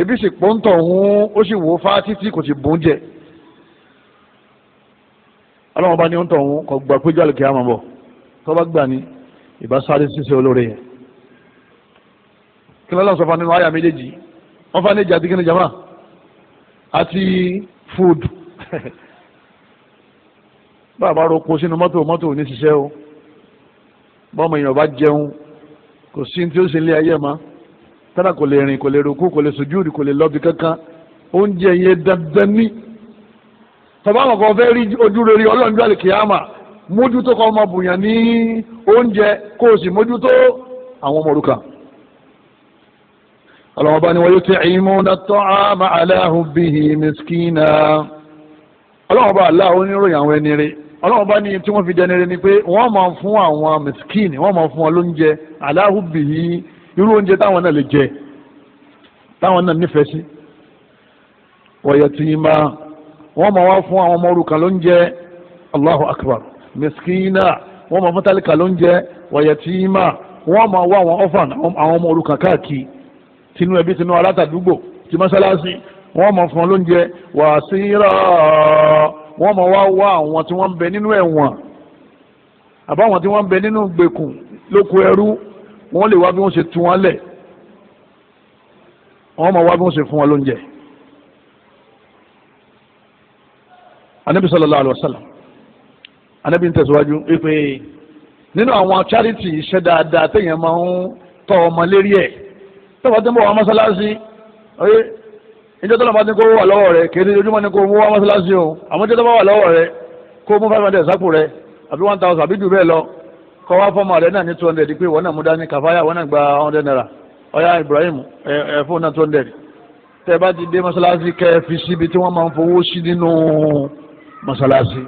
ebi sì pọ́ńtọ̀ hún ó sì wò fá títí kò sì bùn jẹ ọlọ́run bá ní ń tọ̀ hún kò gbà péjọ àlùkè àmọ́ bọ̀ tó bá gbà ní ìbá sáré ṣíṣe olóore yẹn kí lọ́la sọ fún anínú àyà méjèèjì wọ́n fún anéjì àti kíni jama àti food bá a bá roko sínú mọ́tò mọ́tò ní ṣiṣẹ́ o bọ́ọ̀mù èèyàn bá jẹun kò sí ní tí ó ṣe ilé ayé máa tára kò lè rìn kò lè rúkú kò lè sùjúdù kò lè lọ́bi kankan oúnjẹ yẹn dandan ní. tọ́ba àwọn kan fẹ́ rí ojú rere ọlọ́run jọ́lẹ̀ kìámà mójútó kọ́ ọmọ bùyàn ní oúnjẹ kó o sì mójútó àwọn ọmọ òrukàn. ọlọ́wọ́n bá ní wọ́n yóò tẹ ìmú dátọ́ àmà aláhùn bíi mẹ́sìkínà. ọlọ́wọ́n bá aláhùn oníròyìn àwọn ẹni rẹ̀ ọlọ́wọ́n bá ní tí wọ́n fi dẹni rẹ̀ ni pé wọ́n máa fún àwọn mẹ́sìkínì wọ́n máa fún wọn lóúnjẹ aláhùn bíi irú oúnjẹ táwọn náà lè jẹ táwọn náà nífẹ̀ẹ́ sí wọ̀yẹ̀tìmá wọ́n ma wá fún àwọn ọmọ òrukàn lóúnjẹ allahu akbar mẹsìkínà wọ́n máa fún tálíkà lóúnjẹ wọ̀yẹ̀tìmá wọ́n ma wá àwọn ọ̀fàn àwọn ọmọ òrukàn káàkiri tinú ẹbí tinú alátàdúgbò ti mọ́sálásí wọ́n ma fún lóúnjẹ wàásìrà wọ́n ma wá wá àwọn tí wọ́n bẹ nínú ẹ̀wọ̀n àbáwọn tí wọ́n bẹ nínú gbèkùn lóko ẹrú wọ́n lè wá bí wọ́n ṣe tú wọn lẹ̀ wọ́n máa wá bí wọ́n ṣe fún wọn lóúnjẹ. anabi sallallahu alayhi wa sallam anabi ń tẹ̀síwájú wípé nínú àwọn charity iṣẹ́ dáadáa téèyàn máa ń tọ́ ọmọ lérí ẹ̀ tọ́wọ́ tó ń bọ̀ wá mọ́sálásí oye ìjọ tó lọ́ba ní kó wà lọ́wọ́ rẹ̀ kéde ojúmọ́ ní kó mú wá mọ́sálásí o àmọ́ ìjọ tó bá wà lọ́wọ́ rẹ̀ kó mú five hundred sápò rẹ̀ àbí one thousand àbí jù bẹ́ẹ̀ lọ kọ́ wá fọ́ọ̀mù rẹ̀ náà ní two hundred pé wọ́n náà mú dání kàfáyà wọ́n náà gba hundred naira ọ̀yá Ibrahim ẹ̀ fún náà two hundred tẹ́ ẹ bá ti dé mọ́ṣáláṣí kẹ́ ẹ fi síbi tí wọ́n máa ń fowó sí nínú mọ́ṣáláṣí.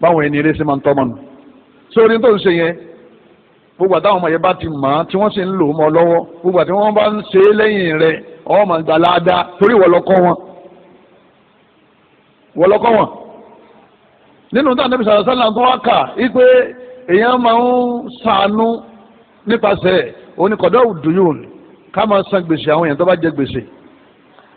báwọn ẹni eré ṣe máa ń tọ́mọ̀ nù sórí tó ń ṣe yẹn gbogbo àtàwọn ọmọ yẹn bá ti mọ̀ án tí wọ́n sì ń lò ó mọ́ lọ́wọ́ gbogbo àti wọ́n bá ń ṣe é lẹ́yìn rẹ̀ ọmọ ìgbàlá dá torí wọ́n wọn wọ́n wọn nínú tá ànábì sàlá sàlá tó wá kà í pé èèyàn máa ń sànú nípasẹ̀ oníkọ̀dọ̀ òdùnyún ká máa san gbèsè àwọn èèyàn tó bá jẹ gbèsè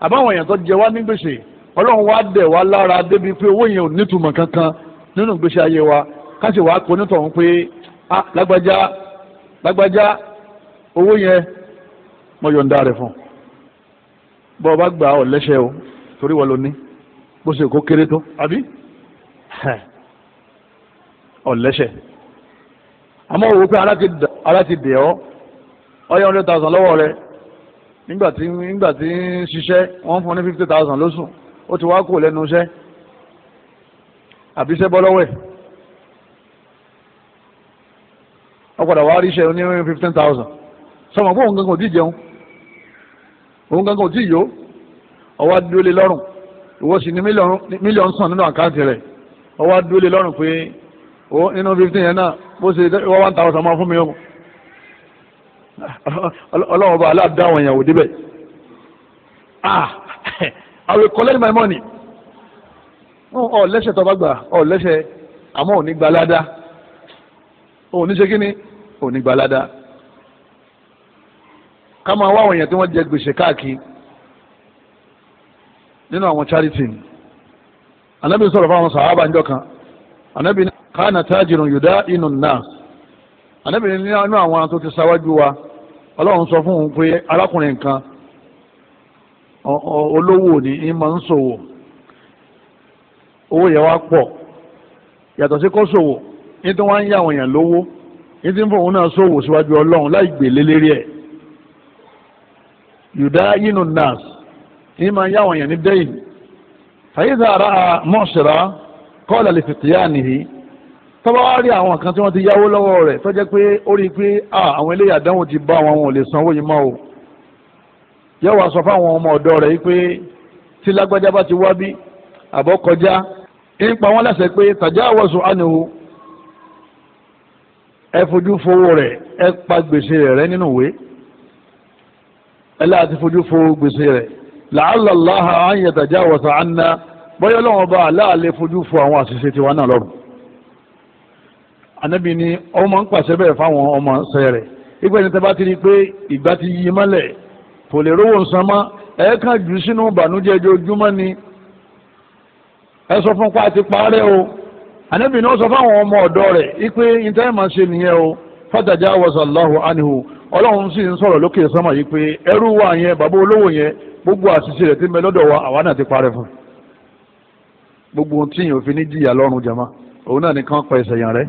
àbáwọn èèyàn tó jẹ wá ní gbèsè ọlọ́run wá dẹ̀ wá lára débi pé owó yẹn ò nítumọ̀ kankan nínú ìgbésí ayé wa ká sì wàá kó nítọ̀hún pé ah lágbájá lágbájá owó yẹn mo yọ̀ǹda rẹ̀ fún bọ́ ọ bá gbà ọ lẹ́sẹ̀ o torí wọ́n lo ní bó ṣe kó kéré tó àbí ọ̀lẹ́sẹ̀ àmọ́ òwò pé ara ti dè ọ́ ọyọ́ hundred thousand lọ́wọ́ rẹ nígbà tí nígbà tí ń ṣiṣẹ́ wọ́n fún ní fifty thousand lóṣù ó ti wá kò lẹ́nu iṣẹ́ àbí iṣẹ́ bọ́ lọ́wọ́ ẹ̀ wọ́n padà wá rí iṣẹ́ ní fifteen thousand sọmọ fún òun gangan ò tí ì jẹun òun gangan ò tí ì yó ọwọ́ adúlé lọ́rùn ìwọ sì ní mílíọ̀nù sàn nínú àkáǹtì rẹ̀ ọwọ́ dúlé lọ́rùn pé ó nínú fifteen yẹn náà bó ṣe wọ́n one thousand máa fún mi o ọlọ́wọ́ bá aláàdá àwọn èèyàn ò débẹ̀ ah I will collect my money ọ lẹ́sẹ̀ tó bá gbà ọ lẹ́sẹ̀ àmọ́ ò ní gba ládá ò ní ṣe kíni ò ní gba ládá ká máa wá àwọn èèyàn tí wọ́n jẹ gbèsè káàkiri nínú àwọn charity ni anabi sọ̀rọ̀ fáwọn sàhábà ńjọ́ kan anabi kánà tájìrún yòdá inú náà anabi ní inú àwọn ti sáwájú wa ọlọ́run sọ fún un pé arákùnrin kan olówó ni ìmọ̀ ń ṣòwò owó yẹn wá pọ̀ yàtọ̀ sí kó ṣòwò ní tí wọ́n ń yà wọ̀nyàn lówó ní tí ń fòun náà ṣòwò síwájú ọlọ́run láì gbèlé lérí ẹ̀ yòdá inú náà ìmọ̀ ń yà wọ̀nyàn ní dẹ́yìn fàyíṣà ara mọ́ṣẹ̀rá kọ́ọ̀lá lè fìtìyà nìyí tọ́ba wá rí àwọn kan tí wọ́n ti yáwó lọ́wọ́ rẹ̀ tọ́jẹ́ pé ó rí i pé àwọn eléyà dánwò ti bá àwọn àwọn ò lè sanwó yìí mọ́ o yóò wá fáwọn ọmọ ọ̀dọ́ rẹ̀ yìí pé tí lágbájá bá ti wá bí àbọ̀ kọjá ń pa wọ́n láṣẹ pé tàjá àwọ̀sùn ànihò ẹ fojú fowó rẹ̀ ẹ pa gbèsè rẹ̀ nínú ìwé ẹ láti fojú fo gbèsè rẹ̀ làálà láha àyẹ̀tàjà wọ̀sà àná bọ́yá lọ́wọ́n bá aláàlẹ́ fojú fo àwọn àṣìṣe tiwa náà lọ́rùn ni ọmọ ń pàṣẹ bẹ́ẹ̀ fáwọn ọmọ sẹ́rẹ̀ ìgbà ní tẹ́bá ti rí i pé ìgbà ti yí mọ́lẹ̀ kò lè rówó nsánmọ́ ẹ̀ẹ́kan jù sínú ojoojúmọ́ ni ẹ sọ fún pa àti parẹ́ ni wọ́n sọ fáwọn ọmọ ọ̀dọ́ rẹ̀ ọlọ́run sì ń sọ̀rọ̀ lókè sánmà yìí pé ẹrú wa yẹn bàbá olówó yẹn gbogbo àṣìṣe rẹ̀ ti ń bẹ lọ́dọ̀ wa àwa náà ti parẹ́ fún gbogbo ohun tí yìí ò fi ní jìyà lọ́rùn jama òun náà nìkan pa yàn rẹ̀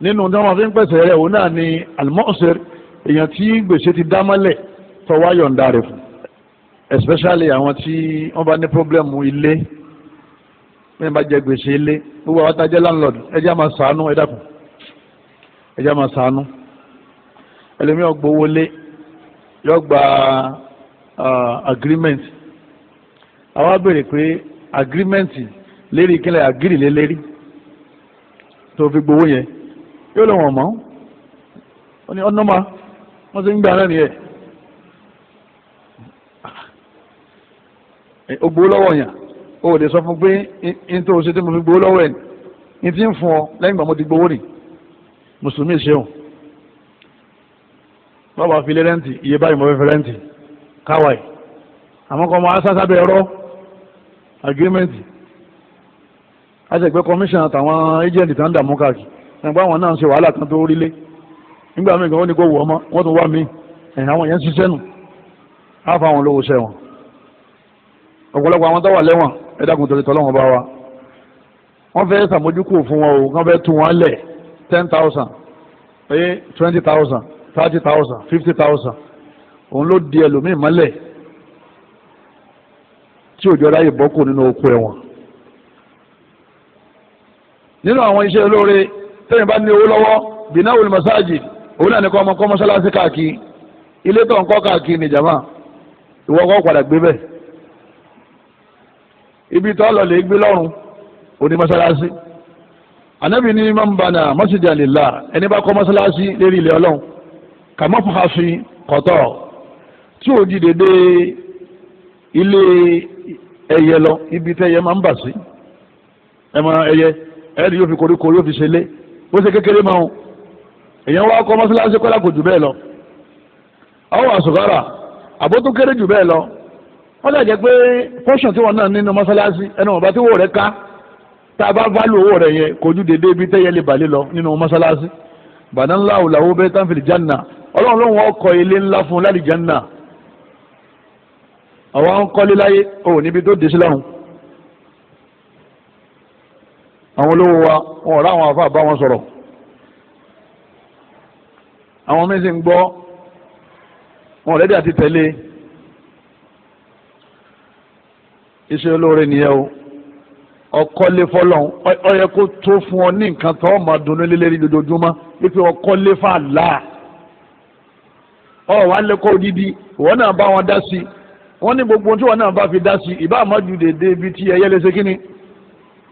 nínú tí wọ́n fi ń pẹ̀sẹ̀ rẹ̀ òun náà ni almọ́ọ̀sẹ̀ èèyàn tí gbèsè ti dá mọ́lẹ̀ tọwọ́ yọ̀ǹda rẹ̀ fún especially àwọn tí wọ́n bá ní problem ilé bẹ́ẹ̀ bá jẹ gbèsè ilé gbogbo àwọn tájẹ́ landlord ẹjẹ́ máa ṣàánú ẹ̀dàkùn ẹjẹ́ máa ṣàánú ẹlòmí ọgbọ wọlé yọ gba agreement àwa béèrè pé agreement lérí ìkínlẹ̀ agiri lé lérí tó fi gbowó yẹn yóò lọ wọ̀n mọ́ ó ní ọ̀nà máa wọ́n ti ń gbà náà nìyẹn ó gbowó lọ́wọ́ yẹn o lè sọ fún pé n tó o ṣe tí mo fi gbowó lọ́wọ́ ẹ̀ ní ti ń fún ọ lẹ́yìn ìgbà mo ti gbowó nì mùsùlùmí ṣeun bàbá àfilẹ rẹǹtì iye báyìí mo fẹ́ fẹ́ rẹǹtì káwáì àmọ́ kọ́ ọmọ asásá bẹ ẹ̀rọ agirimẹ́ǹtì àtẹ̀gbẹ́ kọmíṣán àtàwọn ẹjẹ̀ǹtì tá ń dààmú káàkiri ẹ̀gbọ́n àwọn náà ń ṣe wàhálà kan tó rí lé nígbà míì gan ó ní kó wù ọmọ wọ́n tún wá mí ẹ̀yìn àwọn yẹn ń ṣiṣẹ́ nù á fa sẹ́wọ̀n ọ̀pọ̀lọpọ̀ àwọn tó wà lẹ́wọ̀n ẹ dákun torí tọ́lọ́wọ́n bá wa wọ́n fẹ́ sàmójúkù fún wọn o wọ́n fẹ́ tún wọn lẹ̀ ten thousand oye twenty thousand thirty thousand fifty thousand òun ló di ẹlòmíì mọ́lẹ̀ tí òjò ráyè bọ́kù nínú oko ẹ̀wọ̀n nínú àwọn iṣẹ́ olóore tẹ́yìn bá ní owó lọ́wọ́ bìnnà wòlé mọ́sáàjì òun náà ní kọ́ ọmọ kọ́ mọ́sálásí káàkiri ilé tó ń kọ́ káàkiri ní jàmá ìwọ kọ́ padà gbé bẹ́ẹ̀ ibi tó lọ lè gbé lọ́rùn òní mọ́sálásí ànábì ní mọ́nbànà mọ́sídìá lillah ẹni bá kọ́ mọ́sálásí lérí ilẹ̀ ọlọ́run kàmọ́fàásì kọ̀tọ̀ tí ò di dédé ilé ẹyẹ lọ ibi tẹ́ ẹyẹ máa ń bà sí ẹmọ ẹyẹ ẹni yóò fi koríko yóò fi ṣe lé bó ṣe kékeré máa ń èèyàn wá kọ́ mọ́ṣáláṣí kọ́lá kò jù bẹ́ẹ̀ lọ àwọn àṣùkárà àbótó kéré jù bẹ́ẹ̀ lọ wọ́n lè jẹ́ pé fọ́ṣọ̀n tí wọ́n náà nínú mọ́ṣáláṣí ẹnu ọ̀bá tí wò rẹ̀ ká tá a bá válù owó rẹ̀ yẹn kò dédé ibi tẹ́yẹ lè bàlẹ́ lọ nínú mọ́ṣáláṣí bàdánláwò làwọn bẹ́ẹ̀ tán fìlì jánnà ọlọ́run lóun ọkọ̀ ilé ńlá fún un láti jẹ́nà àwọn ń kọ́lé láyé òun níbi tó dé sí láhùn àwọn olówó wa wọn ò ráwọn afá bá wọn sọ̀rọ̀ àwọn míín sì ń gbọ́ wọn ò àti tẹ̀lé iṣẹ́ olóore nìyẹn o ọkọ́lé fọlọ́n ọyẹ kó tó fún ọ ní nǹkan tó ọmọ dunú lélẹ́rí lójoojúmọ́ wípé ọkọ́lé fàlà ọ wà lẹ́kọ̀ọ́ odidi ìwọ náà bá wọn dá sí wọ́n ní gbogbo tí wọ́n náà bá fi dá sí ìbá àmọ́jú dèdè ibi tí ẹyẹ lè ṣe kínní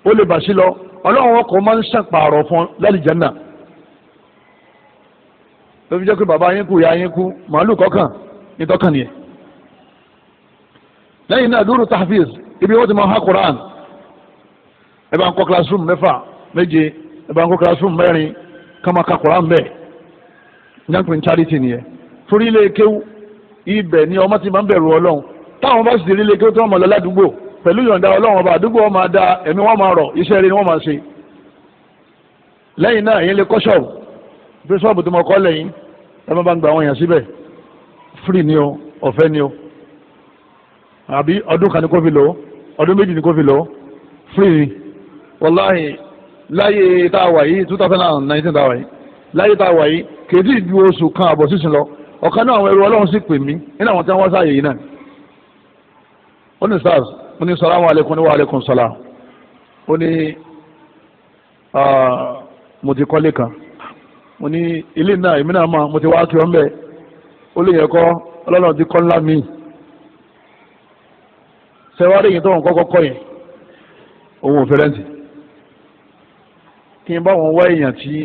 ó lè bà sí lọ ọlọ́run ọkọ̀ máa ń ṣàpààrọ̀ fún lálìjánà ló fi jẹ́ pé bàbá yín kú ìyá yín kú màálù kọ́kàn ní tọ́kàn nìyẹn lẹ́yìn náà dúró tahfiz ibi wọ́n ti máa ha Quran ẹ bá ń kọ́ classroom mẹ́fà méje ẹ bá ń kọ́ classroom mẹ́rin kọ́ máa ka Quran bẹ́ẹ̀ ní à ń charity nìyẹn torí ilé kéwú ibẹ̀ ni ọmọ ti máa ń bẹ̀rù ọlọ́run táwọn bá sì ti rí ilé kéwú tí wọ́n mọ̀ lọ ládùúgbò pẹ̀lú yọ̀ǹda ọlọ́run ọba àdúgbò wọn máa da ẹ̀mí wọn máa rọ̀ iṣẹ́ rere ni wọ́n máa ṣe lẹ́yìn náà èyí lè kọ́ ṣọ́ọ̀bù bí ṣọ́ọ̀bù tó mọ kọ́ lẹ́yìn ẹ má bá ń gba àwọn èèyàn síbẹ̀ free ni o ọ̀fẹ́ ni o àbí ọdún kan ni kò fi lò ọdún méjì ni kò fi lò free ni wàláhì láyé tá a wà yìí two thousand and nineteen tá a wà yìí láyé tá a wà yìí kèéjì ju oṣù kan àbọ̀ sísun lọ ọ̀kan náà àwọn ẹrú ọlọ́run sì pè mí nínú àwọn tí wọ́n sáàyè yìí náà ó ní sars ó ní salamu aleykum ní wa aleykum salam ó ní mo ti kọ́lé kan mo ní ilé náà èmi náà mọ̀ mo ti wá kí wọ́n bẹ̀ ó lè yẹ kọ́ ọlọ́run ti kọ́ ńlá mi sẹ́wárí yìí tó ń kọ́kọ́ kọ́ yẹn òun ò fẹ́rẹ́ǹtì kí n bá wọn wá èèyàn tí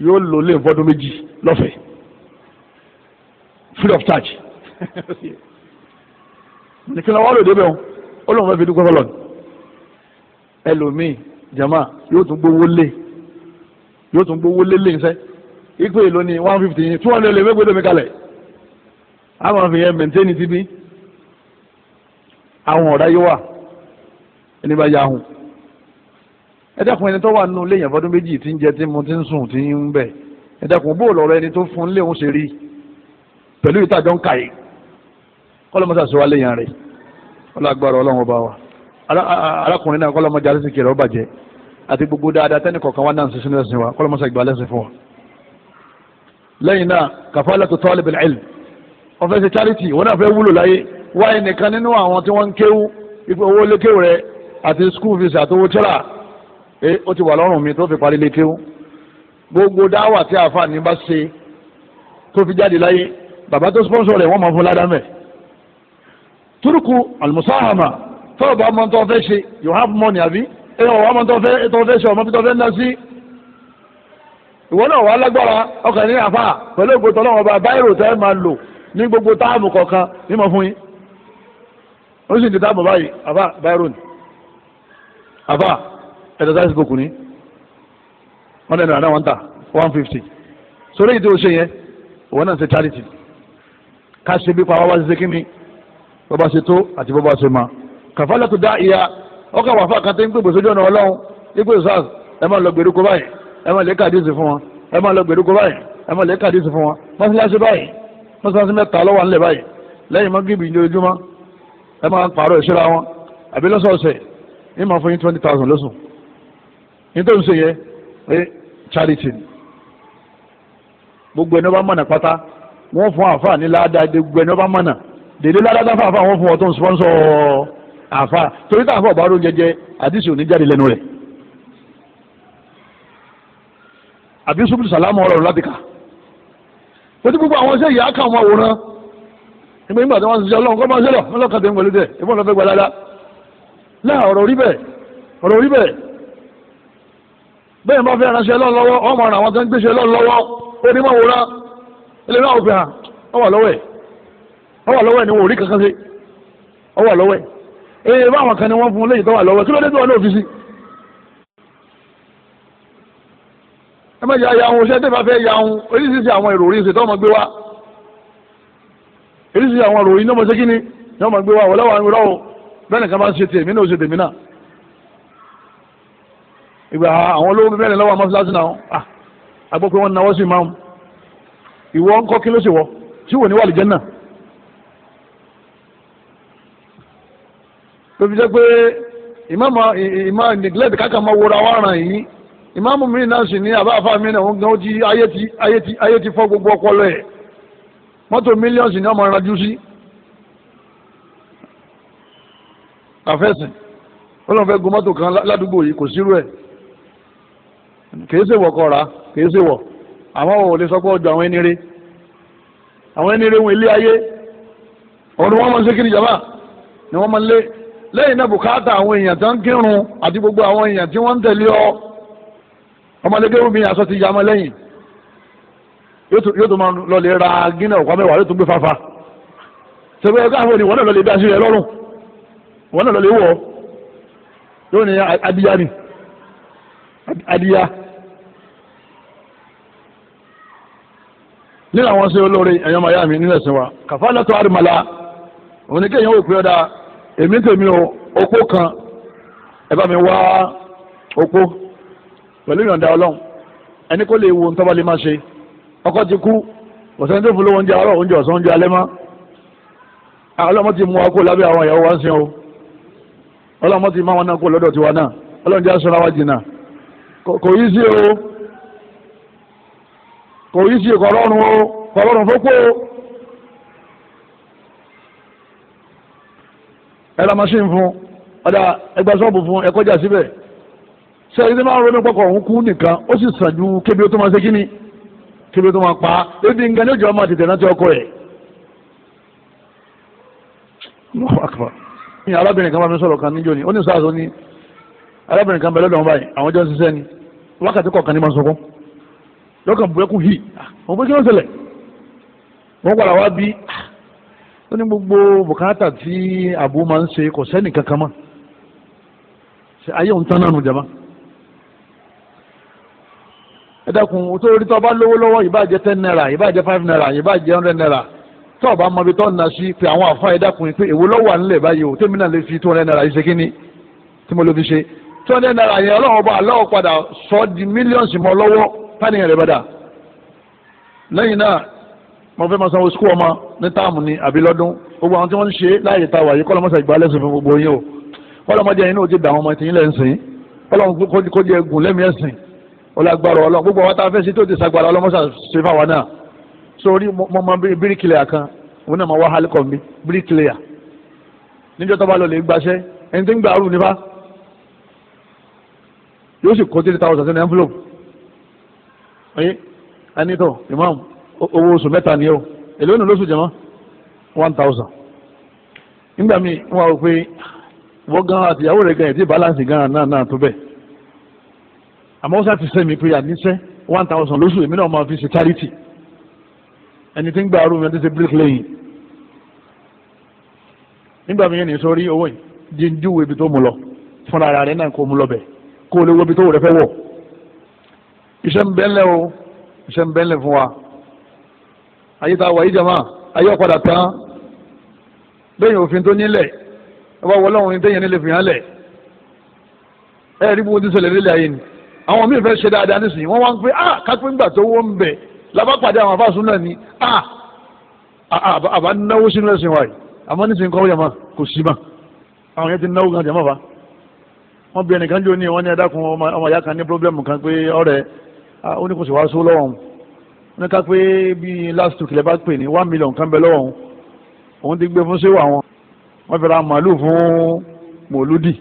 yóò lò lé fọdún méjì lọ́fẹ̀ẹ́ free of charge nìkan lọ́wọ́ lòdì bẹ́ẹ̀ ó lóun fẹ́ fi dúpẹ́ fọlọ́ọ̀nù ẹlòmíì jama yóò tún gbowó lé yóò tún gbowó lé lé nsẹ́ ipe èlò ni one fifty yín two hundred lè mẹ́gbẹ́dọ̀ mi kalẹ̀ àwọn fi yẹn maintain ti bí àwọn ọ̀rá yóò wà ẹni bá yà hùn ẹ dákun ẹni tó wà nínú ilé yẹn fọdún méjì tí ń jẹ tí mo ti ń sùn tí ń bẹ ẹ dákun bó lọ̀rọ̀ ẹni tó fún léwọn ṣe rí pẹ̀lú ìtajọ ń kà yìí kọlọmọsà sọ wá léyàn rẹ ọlọgbàrọ Ọlọ́run ọba wa arákùnrin náà kọlọmọdé alẹsìnkì rẹ ó bàjẹ́ àti gbogbo dáadáa tẹnì kọ̀ọ̀kan wá náà ń sísun lẹ́sìn wa kọlọmọsà ìgbà lẹ́sìn fún wa. lẹ́yìn náà kafalatu talib al-ilm ó fẹ́ ṣe charity wọn náà fẹ́ wúlò láyé wáyé nìkan nínú àwọn tí wọ́n ń kéwú ipò owó rẹ àti school fees àti owó tíra ee ó ti wà lọ́rùn mi tó fi parí létí ó gbogbo dáwà tí àfààní bá ṣe tó fi jáde láyé bàbá tó sponsor rẹ̀ wọ́n máa fún ládàá turuku almusahama tọ́wọ́ bá ọmọ tó fẹ́ ṣe you have money àbí ẹ ọ̀wọ́ ọmọ tó fẹ́ tó fẹ́ ṣe ọmọ tó fẹ́ ná sí ìwọ náà wà lágbára ọkàn ní àfà pẹ̀lú ògbó tọ́lọ́wọ́ bá báyìrò tẹ́ máa lò ní gbogbo táàmù kọ̀ọ̀kan ní mọ̀ fún yín ó sì ẹ̀dọ̀ sáà sìkò kù ní one hundred and one ta one fifty sórí èyí tó ṣe yẹn òun náà ṣe charity ká ṣe bí pàwọ́ bá ṣe kí ni bó bá ṣe tó àti bó bá ṣe ma kàfálà tó dá ìyá ọkọ̀ wàfà kan tó ń pè bòsójú ọ̀nà ọlọ́run ipò sars ẹ máa lọ gbèrú kó báyìí ẹ máa lè kàdíìsì fún wọn ẹ máa lọ gbèrú kó báyìí ẹ máa lè kàdíìsì fún wọn mọ́sálásí báyìí mọ́sálásí mẹ́ta lọ́wọ́ ńlẹ̀ báyìí lẹ́yìn mọ́gìbì ìjọ́júmọ́ ẹ máa pààrọ̀ ìṣúra wọn àbí lọ́sọ̀ọ̀sẹ̀ ní fún yín twenty thousand lóṣù ní tó ń ṣe yẹn ẹ charity ni gbogbo ẹni ọba mọ̀nà pátá wọ́n fún àfa ní ládàá gbogbo ẹni ọba mọ̀nà dèlé ládàá fàáfà wọ́n fún ọ tó ń sponsor àfa torí tá àfa ọba ọdún jẹjẹ àdìsí òní jáde lẹ́nu rẹ̀ àbí sùpùtù sàlámù ọ̀rọ̀ láti kà ó ti gbogbo àwọn iṣẹ́ ìyá kà wọn àwòrán ìgbà nígbà tí wọ́n ń ṣiṣẹ́ ọlọ́run kọ́ máa ń ṣẹlẹ̀ ọlọ́kàn tẹ̀ ń pẹ̀lú tẹ̀ ìbọn lọ́fẹ́ gbalada láà ọ̀rọ̀ orí bẹ́ẹ̀ ọ̀rọ̀ orí bẹ́ẹ̀ bẹ́ẹ̀ bá fẹ́ ránṣẹ́ lọ́n lọ́wọ́ ọmọ ara àwọn tó ń gbéṣẹ́ lọ́n lọ́wọ́ onímọ̀ wòrán náà òfin hàn ọwà lọ́wọ́ ẹ̀ ọwà lọ́wọ́ ẹ̀ ni wọn ò rí kankan sí ọwà lọ́wọ́ ẹ̀ ee báwọn kan ni wọ́n fún léyìí tó wà lọ́wọ́ kí ló dé tó wà ní òfìsí. ẹ má ya yahun ṣé tẹ́fà fẹ́ yahun oríṣiríṣi àwọn èrò oríṣi tó ọmọ gbé wá oríṣiríṣi àwọn èrò oríṣi tó ọmọ gbé wá wọ́n lọ́wọ́ àwọn ìrọ̀ bẹ́ẹ̀ nìkan bá ń ṣe náà ó ìgbà àwọn olówó bẹ́ẹ̀ lọ́wọ́ mọ́sálásí náà àgbọ̀ pé wọ́n náwó sí máa ń ìwọ ń kọ́ kí ló ṣe wọ́ tí wò ní wà lìjẹ́ náà tó fi jẹ́ pé ìmáàmù ìmá neglect káka máa wọra wá ràn yìí ìmáàmù mi náà sì ní àbáfà mi náà wọ́n gan ti ayé ti ayé ti ayé ti fọ́ gbogbo ọpọlọ ẹ̀ mọ́tò mílíọ̀nù ni wọ́n máa ranjú sí àfẹ́sìn ó lọ́n fẹ́ gun mọ́tò kan ládùúgbò yìí kò sírú ẹ̀ kìí ṣèwọ kọra kìí ṣèwọ àmọ́ ò lè sọ pé ọjọ́ àwọn ẹni àwọn ẹni wọn ilé ayé ọ̀run wọn máa ń ṣe kiri jàmbá ni wọ́n máa ń lé lẹ́yìn náà bùkátà àwọn èèyàn tó ń kírun àti gbogbo àwọn èèyàn tí wọ́n ń tẹ̀lé ọ ọmọlẹ́gẹ́rù mi àṣọ ti ya ọmọ lẹ́yìn yóò tó máa lọ lè ra gínà ọ̀pá mẹ́wàá yóò tó gbé fafa sọgbẹ́ ẹgbẹ́ àwọn ènìyàn náà lọ lè bí aṣọ yẹn lọ́rùn wọ́n lọ lè nínú àwọn ṣe olóore ẹ̀yàn màyà mi nílẹ̀ sìn wa kàfálà tó àrùmọ̀lá òun ni kéèyàn ò pé ọ̀dà èmi tèmi o opó kan ẹ bá mi wá opó pẹ̀lú ìyọ̀ǹda ọlọ́run ẹni kó lè wo ntọ́ba lè má ṣe ọkọ ti kú ọ̀sẹ̀ tó fún lówó oúnjẹ àárọ̀ oúnjẹ ọ̀sán oúnjẹ alẹ́ mọ́ ọlọ́mọ ti mú wa kó lábẹ́ àwọn ìyàwó wa ń sin o ọlọ́mọ ti má wọn náà kó lọ́dọ̀ tiwa náà ọlọ́run jẹ́ aṣọ kò yí sí kọlọ́run o kọlọ́run fọ́pọ́ o ẹ lọ́mọ sí fún ọ̀dà ẹgbẹ́ sọ́ọ̀bù fún ẹ kọjá síbẹ̀ ṣe ẹni tí máa ń ronú pọkọ òun kú nìkan ó sì sàn ju kébi ó tó máa ṣe kí ó tó máa pa á nǹkan ní ọkọ ẹ̀. ní arábìnrin kan bá mi sọ̀rọ̀ kan lọ́kàn búrẹ́kù hì wọ́n pé kí ló ṣẹlẹ̀ wọ́n padà wá bí ó ní gbogbo bùkátà tí àbú máa ń ṣe kò sẹ́nì kankan mọ́ ṣe ayé òun tán náà nù jama ẹ dákun tó rí tó bá lówó lọ́wọ́ ìbá jẹ́ ten naira ìbá jẹ́ five naira ìbá jẹ́ hundred naira tó o bá mọ ibi tó ń na sí pé àwọn àfa ẹ dákun pé èwo lọ́wọ́ à ń lẹ̀ báyìí o tèmi náà lè fi two hundred naira yìí ṣe kí ni tí mo lè fi ṣe two hundred naira yẹn ọlọ́run ọba àlọ́ padà sọ di mílíọ̀nù mọ́ lọ́wọ́ tani rẹ̀ bá dà lẹ́yìn náà mo fẹ́ máa sanwó ọmọ ní táàmù ni àbí lọ́dún gbogbo àwọn tí wọ́n ń ṣe láàyè ta wàyí kọ́ lọ́mọ́sà ìgbà lẹ́sìn fún gbogbo yín o kọ́ lọ́mọdé yẹn náà ti dà àwọn ọmọ ìtìyín lẹ́sìn kọ́ lọ́mọ kó jẹ gùn lẹ́mìí ẹ̀sìn ọlágbára ọlọ́run gbogbo àwọn tá a fẹ́ sí tó ti sagbara ọlọ́mọ́sà ṣe fáwọn náà sórí mo mọ bíríkìlẹ̀yà kan òun náà mọ wá ẹ anitọ imam owó oṣù mẹ́ta ni o èlò ònà lóṣù jẹmọ one thousand nígbà míì wọn wọ pé wọ́n gan àtìyàwó rẹ̀ gan ẹ̀ tí balance gan náà náà tó bẹ̀ àmọ́ ó sáti sẹ́mi pé àníṣẹ́ one thousand lóṣù èmi náà máa fi ṣe charity ẹni tí ń gbà rúmi ẹni tí ṣe brick lane nígbà míì ní sọ rí owó yìí jíjúwe ibi tó mú lọ fúnra rẹ̀ náà kò mú lọ bẹ̀ kó o lè wo ibi tó rẹ̀ fẹ́ wọ̀ iṣẹ́ ń bẹ́ńlẹ̀ o iṣẹ́ ń bẹ́ńlẹ̀ fún wa ayé tá a wà yí jama ayé ọ̀padà tán lẹ́yìn òfin tó nílẹ̀ ọba wọlé ọ̀hún ní tẹ́yìn nílẹ̀ fi hàn lẹ̀ ẹ rí bó ti ṣẹlẹ̀ nílẹ̀ ayé ni àwọn míì fẹ́ ṣe dáadáa nísìnyí wọ́n wá ń pè ah kápẹ́ńgbà tó wọ́n ń bẹ̀ labápàdé àwọn afáàsùn náà ni ah àbá náwó sínú ẹ̀sìn wa yìí àmọ́ nísìnyí kọ́ yàmá kò sí mà àwọn yẹn ti náwó gan jàmọ́ fa wọ́n bí ẹnìkan jò ní wọ́n ní ẹ̀dá kun ọmọ ìyá kan ní Ah, ó ní kò sì wá só lọ́wọ́ òun ní ká pé bí last week lè bá pè ní one million kan bẹ lọ́wọ́ òun òun ti gbé fún séwò àwọn wọ́n fẹ́ra màálù fún mòlúdì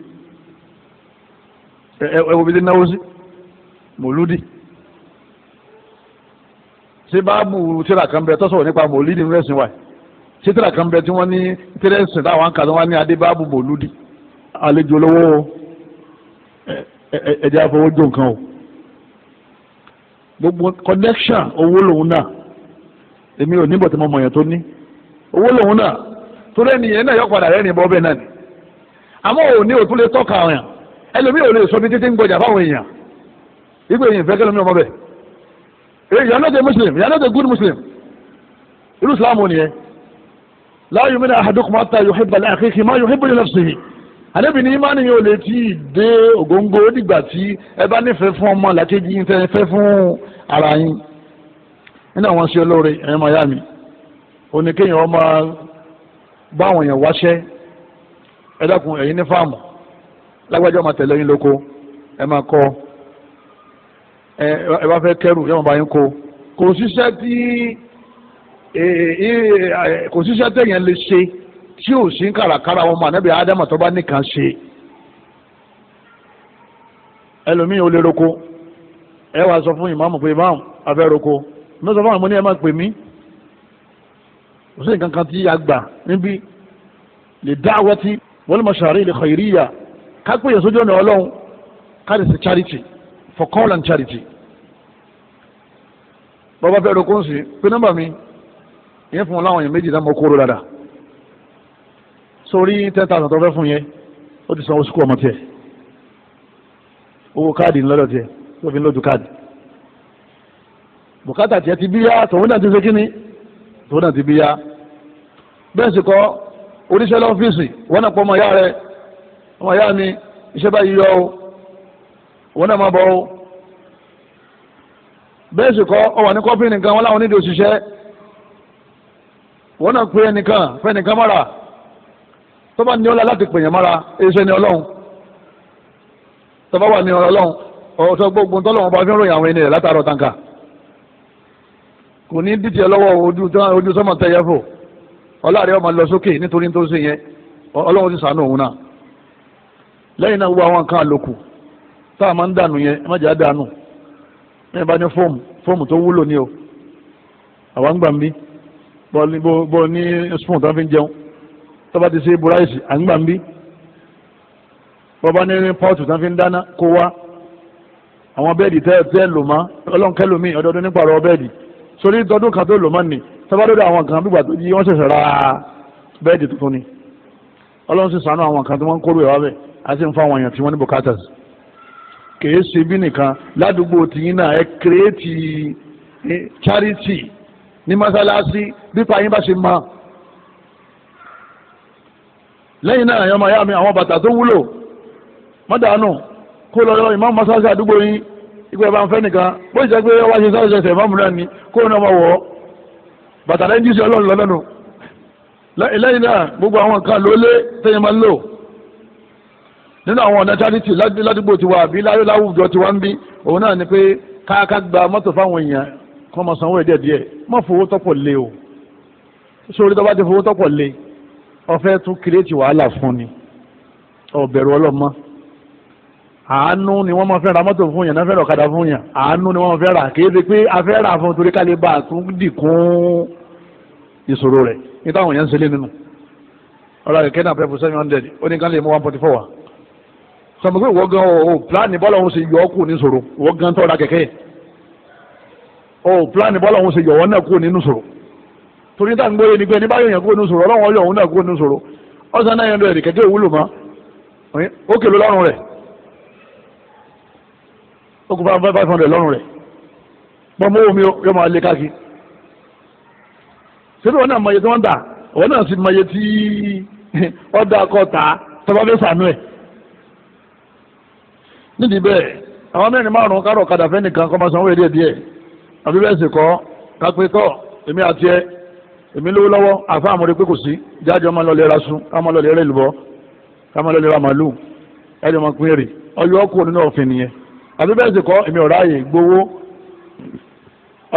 ẹ̀wọ̀n bíi náwó sí mòlúdì ṣé báàbù tíra kan bẹ tọ́sọ̀rọ̀ nípa mòlúdì ń rẹ̀sìn wáyé ṣé tíra kan bẹ tí wọ́n ní tẹ́rẹ̀sìn táwọn ń kà tí wọ́n ní adé báàbù mòlúdì àlejò olówó ẹ̀jẹ̀ àfọwọ́jọ nǹkan o gbogbo connection owó lòun náà èmi ò níbọ̀ tí mo mọ̀ yẹn tó ní owó lòun náà torí ẹnìyẹn náà yọ padà rẹ́rìn bọ́ bẹ́ẹ̀ náà ni àmọ́ ò ní òtún lè tọ́ka àwọn èèyàn ẹlòmíì ò lè sọ bí títí ń gbọjà fáwọn èèyàn ìgbà èèyàn fẹ́ kẹlòmíì ọmọ bẹ̀ you are not a muslim you are good muslim irú islam nìyẹn la yu'minu ahadukum hatta yuhibba li akhihi ma yuhibbu li nafsihi àdébì ní imáni yóò lè tí ì dé ògóńgó dìgbà tí ẹ bá nífẹ̀ẹ́ fún ọmọ làkejì ń fẹ́ fún ara yín nínú àwọn sí olóore ẹ̀yìn maya mi ò ní kéèyàn ọmọ bá àwọn èèyàn wáṣẹ́ ẹ dákun ẹ̀yin ní fáàmù lágbájá ọmọ tẹ̀lé yín lóko ẹ máa kọ́ ẹ bá fẹ́ kẹrù yọ̀wọ̀n bá yín kó kò síṣẹ́ tí kò síṣẹ́ tẹ̀yìn lè ṣe tí ò sí kàràkàrà wọn mà níbi ádámà tó bá nìkan ṣe ẹlòmíì ò lè roko ẹ wàá sọ fún ìmáàmù pé ìmáàmù afẹ́roko mo sọ fún àwọn ọmọ ní ẹ máa pè mí kò sí nǹkan kan tí a gbà níbi lè dá àwọ̀ tí wal mashari lil khairiyya ká pè yẹn sójú ọ̀nà ọlọ́run ká lè ṣe charity for call and charity bọ́bá fẹ́ roko ń sìn pé nọ́mbà mi ìyẹn fún wọn láwọn èèyàn méjì dámọ̀ kóró dáadáa sórí ten thousand tó fẹ́ fún yẹn ó ti san oṣù kú ọmọ tiẹ̀ owó káàdì ńlọ́dọ̀ tiẹ̀ tó fi lójú káàdì bùkátà tiẹ̀ ti bíyá tòun náà ti ṣe kíni tòun náà ti bíyá bẹ́ẹ̀ sì kọ́ oníṣẹ́ lọ́fíìsì wọn náà pọ̀ ọmọ ìyá rẹ ọmọ ìyá mi iṣẹ́ báyìí yọ o wọn náà máa bọ̀ o bẹ́ẹ̀ sì kọ́ ọwọ́ ní kọ́fí nìkan wọn láwọn nídìí òṣìṣẹ́ wọn náà pe ẹnìkan fẹ́ nìkan mọ́ra tó ní ọlá láti pèèyàn mọ́ra iṣẹ́ ni ọlọ́run tó wà ní ọlọ́run ọ̀sọ́ gbogbo ntọ́lọ́wọ́n bá fi ń ròyìn àwọn ẹni rẹ̀ látàárọ̀ tanka kò ní dìtì ẹ lọ́wọ́ ojú sọ́mọ tẹ̀yẹ fò ọláàrẹ ọmọ lọ sókè nítorí tó ṣe yẹn ọlọ́run ti sànú òun náà lẹ́yìn náà wọ àwọn nǹkan àlòkù tá a máa ń dànù yẹn má jẹ́ ẹ bá ní fóòmù fóòmù tó wúlò ní o àwọn gbà ń bí bọ́ ní spoon tó fi ń jẹun tó bá ti ṣe buráìsì àwọn bẹ́ẹ̀dì tẹ́ tẹ́ lò mọ́ ọlọ́nkẹ́lómi ọdọọdún nípa ọ̀rọ̀ bẹ́ẹ̀dì sórí tọdún kan tó lò mọ́ ni sábàdọ́dọ̀ àwọn kan bí gbàtó yí wọ́n ṣẹ̀ṣẹ̀ ra bẹ́ẹ̀dì tuntun ni ọlọ́run sì sànú àwọn kan tí wọ́n ń kórè wá bẹ̀ á sì ń fún àwọn èèyàn tí wọ́n ní bùkátà sí. kèé ṣe bí nìkan ládùúgbò tìyín náà ẹ kírètì charity ní mọ́sálásí bípa yín bá ṣe mọ́ lẹ́yìn náà àwọn bàtà tó wúlò mọ́dàánù kó lọ ìmáàmù masáàsì àdúgbò yín ìgbà ìbá ń fẹ́ nìkan bó ṣe pé ọwọ́ ṣe sáré ṣẹṣẹ ìmáàmù náà ni kó ní ọmọ wọ̀ ọ́ bàtà lẹ́yìn tí ń ṣe ọlọ́run lọ́lọ́nu lẹ́yìn náà gbogbo àwọn nǹkan ló lé téyẹ máa ń lò nínú àwọn ọ̀nà charity ládùúgbò tiwa àbí láwùjọ tiwa ń bí òun náà ni pé káàká gba mọ́tò fáwọn èèyàn kọ́ máa sanwó o sórí tó àánú ni wọ́n máa fẹ́ ra mọ́tò fún yàn náà fẹ́ ọ̀kadà fún yàn àánú ni wọ́n fẹ́ ra kì í ṣe pé a fẹ́ ra fún torí ká lè bá a tún dìkún ìṣòro rẹ̀ ní táwọn yẹn ń ṣẹlẹ̀ nínú ọ̀rọ̀ kẹ̀kẹ́ náà pẹ̀lú seven hundred ó ní ká lè mú one forty four wa sọmọ pé ìwọ gan o plan bọ́lá òun ṣe yọ ọ́ kù ní ìṣòro ìwọ gan tọ́ kẹ̀kẹ́ o plan bọ́lá òun ṣe yọ ọ́ náà kù nínú ìṣòro torí táwọn gbóyè ni pé ní báyọ̀ yẹn kù nínú ìṣòro ọlọ́run ọyọ̀ òun náà kù nínú ìṣòro ọ̀sán náà yẹn lọ ó kú five five hundred lọ́rùn rẹ̀ bọ́mọ omi yóò máa lé káàkiri síbí wọn náà mọ iye tí wọ́n dà wọn náà sì mọ iye tí ọ̀dà akọ tà tọ́ba fẹ́ sànú ẹ̀ nídìí bẹ́ẹ̀ àwọn mẹ́rin márùn-ún kárọ̀ kadà fẹ́ nìkan kọ́ máa sanwó èdè díẹ̀ àbí bẹ́ẹ̀ sì kọ́ kápẹ́ tọ́ èmi àti ẹ èmi lówó lọ́wọ́ àfa àmúre pé kò sí jáde ọmọ lọlẹ́ ra ọmọ lọlẹ́ rẹ̀ lùbọ́ ọmọ lọlẹ́ ra màlúù ẹ̀ẹ́dẹ̀ àbí bẹ́ẹ̀ sì kọ́ èmi ò ráàyè gbowó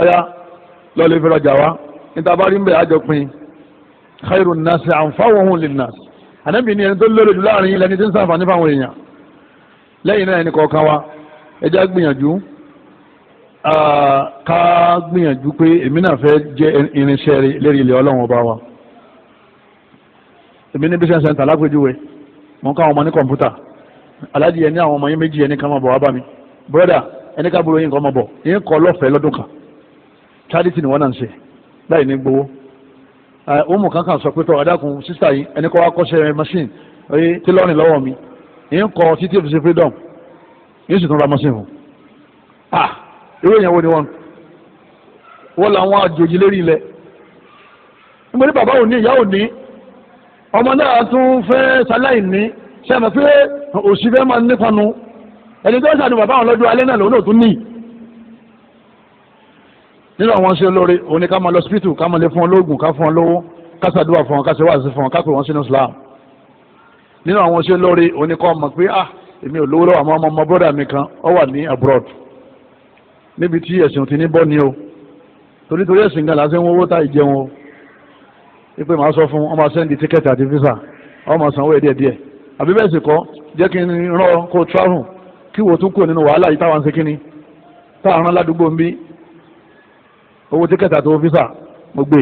ọ̀ya lọ́lẹ́ fi rọjà wá níta bá rí ń bẹ̀ àjọ pin khairu nasi anfa'uhum linnas ànábì ni ẹni tó lérò jù láàrin ilẹ̀ ní ti ń sàǹfààní fáwọn èèyàn lẹ́yìn náà ẹni kọ̀ọ̀kan wa ẹ jẹ́ gbìyànjú ká gbìyànjú pé èmi náà fẹ́ jẹ́ irinṣẹ́ lérí ilẹ̀ ọlọ́run ọba wa èmi ní business center lápèjúwe mo ń ká àwọn ọmọ ní kọ̀ǹpútà aláàjì yẹn àwọn ọmọ yẹn méjì yẹn ní ká bọ̀ wá bá mi broda ẹni ká burú yín kọ́ ọmọ bọ̀ yín kọ́ lọ́fẹ̀ẹ́ lọ́dún kan charity ni wọ́n náà ń ṣe láì ní gbowó ọmọ kankan sọ pé tọ́ adákun sísá yìí ẹni kọ́ akọ́ṣẹ́ machine oye tílọ́ọ̀nì lọ́wọ́ mi yín kọ́ títí fi ṣe freedom yín sì tún ra machine fún ah irú èèyàn wo ni wọn wọ́n làwọn àjòjì lérí ilẹ̀ nígbà tí bàbá ò ní ìyá ò ní ọmọ náà tún fẹ́ sáláì ní sẹ́mi pé òsì fẹ́ máa nípa nu ẹni tó ń sàdùn bàbá àwọn lọ́jọ́ alẹ́ náà lòun náà tún ní nínú àwọn ṣe lórí òní ká máa lọ sípítù ká máa lè fún ọ lóògùn ká fún ọ lówó ká ṣàdúrà fún ọ ká ṣe wáàsí fún ọ ká pè wọ́n sínú Islam nínú àwọn ṣe lórí òní kọ́ ọmọ pé ah èmi ò lówó lọ́wọ́ àmọ́ ọmọ ọmọ bọ́dà mi kan ọ wà ní abroad níbi tí ẹ̀sìn ti ní bọ́ ni o torí torí ẹ̀sìn gan làásẹ̀ ń wọ́wọ́ tá ìjẹun o wípé màá sọ fún ọmọ sẹ́ndì tíkẹ́tì àti físà ọmọ sanwó ẹ̀ díẹ̀díẹ̀ àbí bẹ́ẹ̀ sì kọ́ jẹ́ kí n rán ọ kó travel kí wọ́n tún kúrò nínú wàhálà yìí táwọn ń ṣe kínní táwọn aràn ládùúgbò ń bí owó tíkẹ́tà tó físà mo gbé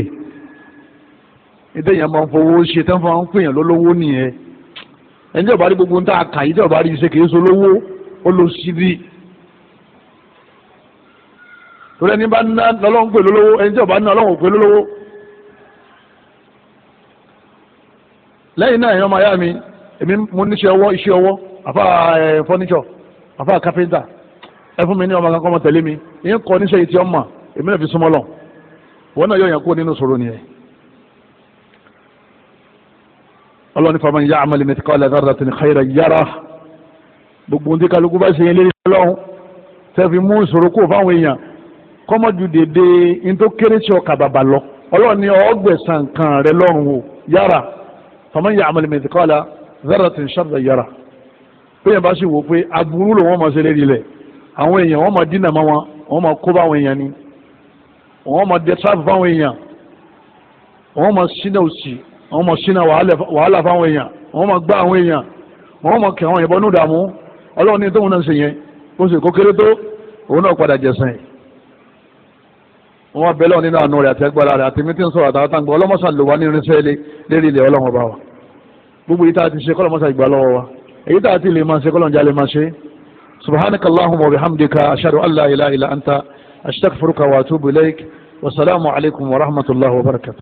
ìdí èèyàn máa ń fowó ṣe tẹ́ fún àwọn pèèyàn lólówó nìyẹn ẹni tí ọba rí gbogbo ń tà kà yìí tí ọba rí ṣe kìí ṣe olówó ó lọ sí bí torí ẹni bá ná lọ́lọ́run pè lólówó ẹni tí ọba ná lọ́lọ́run pè lólówó lẹ́yìn náà ẹ̀yàn ọmọ ayá mi èmi mo níṣẹ́ ọwọ́ iṣẹ́ ọwọ́ àfa ẹ̀ fọ́níṣọ̀ àfa kápẹ́ńtà ẹ fún mi ní ọmọ kankan ọmọ tẹ̀lé mi ìyẹn kọ níṣẹ́ yìí tí ọmọ èmi náà fi súnmọ́ lọ wọn náà yọ yẹn kó nínú sòrò nìyẹn. ọlọ́ni faman ya'mal mithqala dharratin khayran yarah gbogbo ndí kálukú bá ṣe yẹn lérí ọlọ́run tẹ́fi mú ìṣòro kó fáwọn èèyàn kọ́mọ́dù dèdè ntó kéré tí ọkà bàbà lọ ọlọ́ni ọgbẹ̀sán kan rẹ lọ́rùn o yára faman ya'mal mithqala dharratin sharran yarah bí yẹn bá sì wò pé aburú lòun máa ṣe lérí ilẹ̀ àwọn èèyàn wọ́n máa dínà mọ́ wọn wọ́n máa kó báwọn èèyàn ni wọ́n máa dẹ́sáàfù fáwọn èèyàn wọ́n máa sínà òsì wọ́n máa sínà wàhálà fáwọn èèyàn wọ́n máa gbá àwọn èèyàn wọ́n máa kẹ́ àwọn èèyàn bọ́ nù ọlọ́run ní tóun náà ṣe yẹn kó sì kó kéré tó òun náà padà jẹ̀sán yìí wọ́n wá nínú àánú rẹ̀ àti agbára rẹ̀ àti mítí ń sọ̀rọ̀ àtàwọn táǹgbọ̀ ọlọ́mọṣà lò wá ní irinṣẹ́ lérí ilẹ̀ ọlọ́run ọba wa gbogbo yìí tá a ti ṣe kọ́lọ́mọṣà ìgbà lọ́wọ́ wa إذا أتي لي ما سيقول لهم جالي ما شيء سبحانك اللهم وبحمدك أشهد أن لا إله إلا أنت أستغفرك وأتوب إليك والسلام عليكم ورحمة الله وبركاته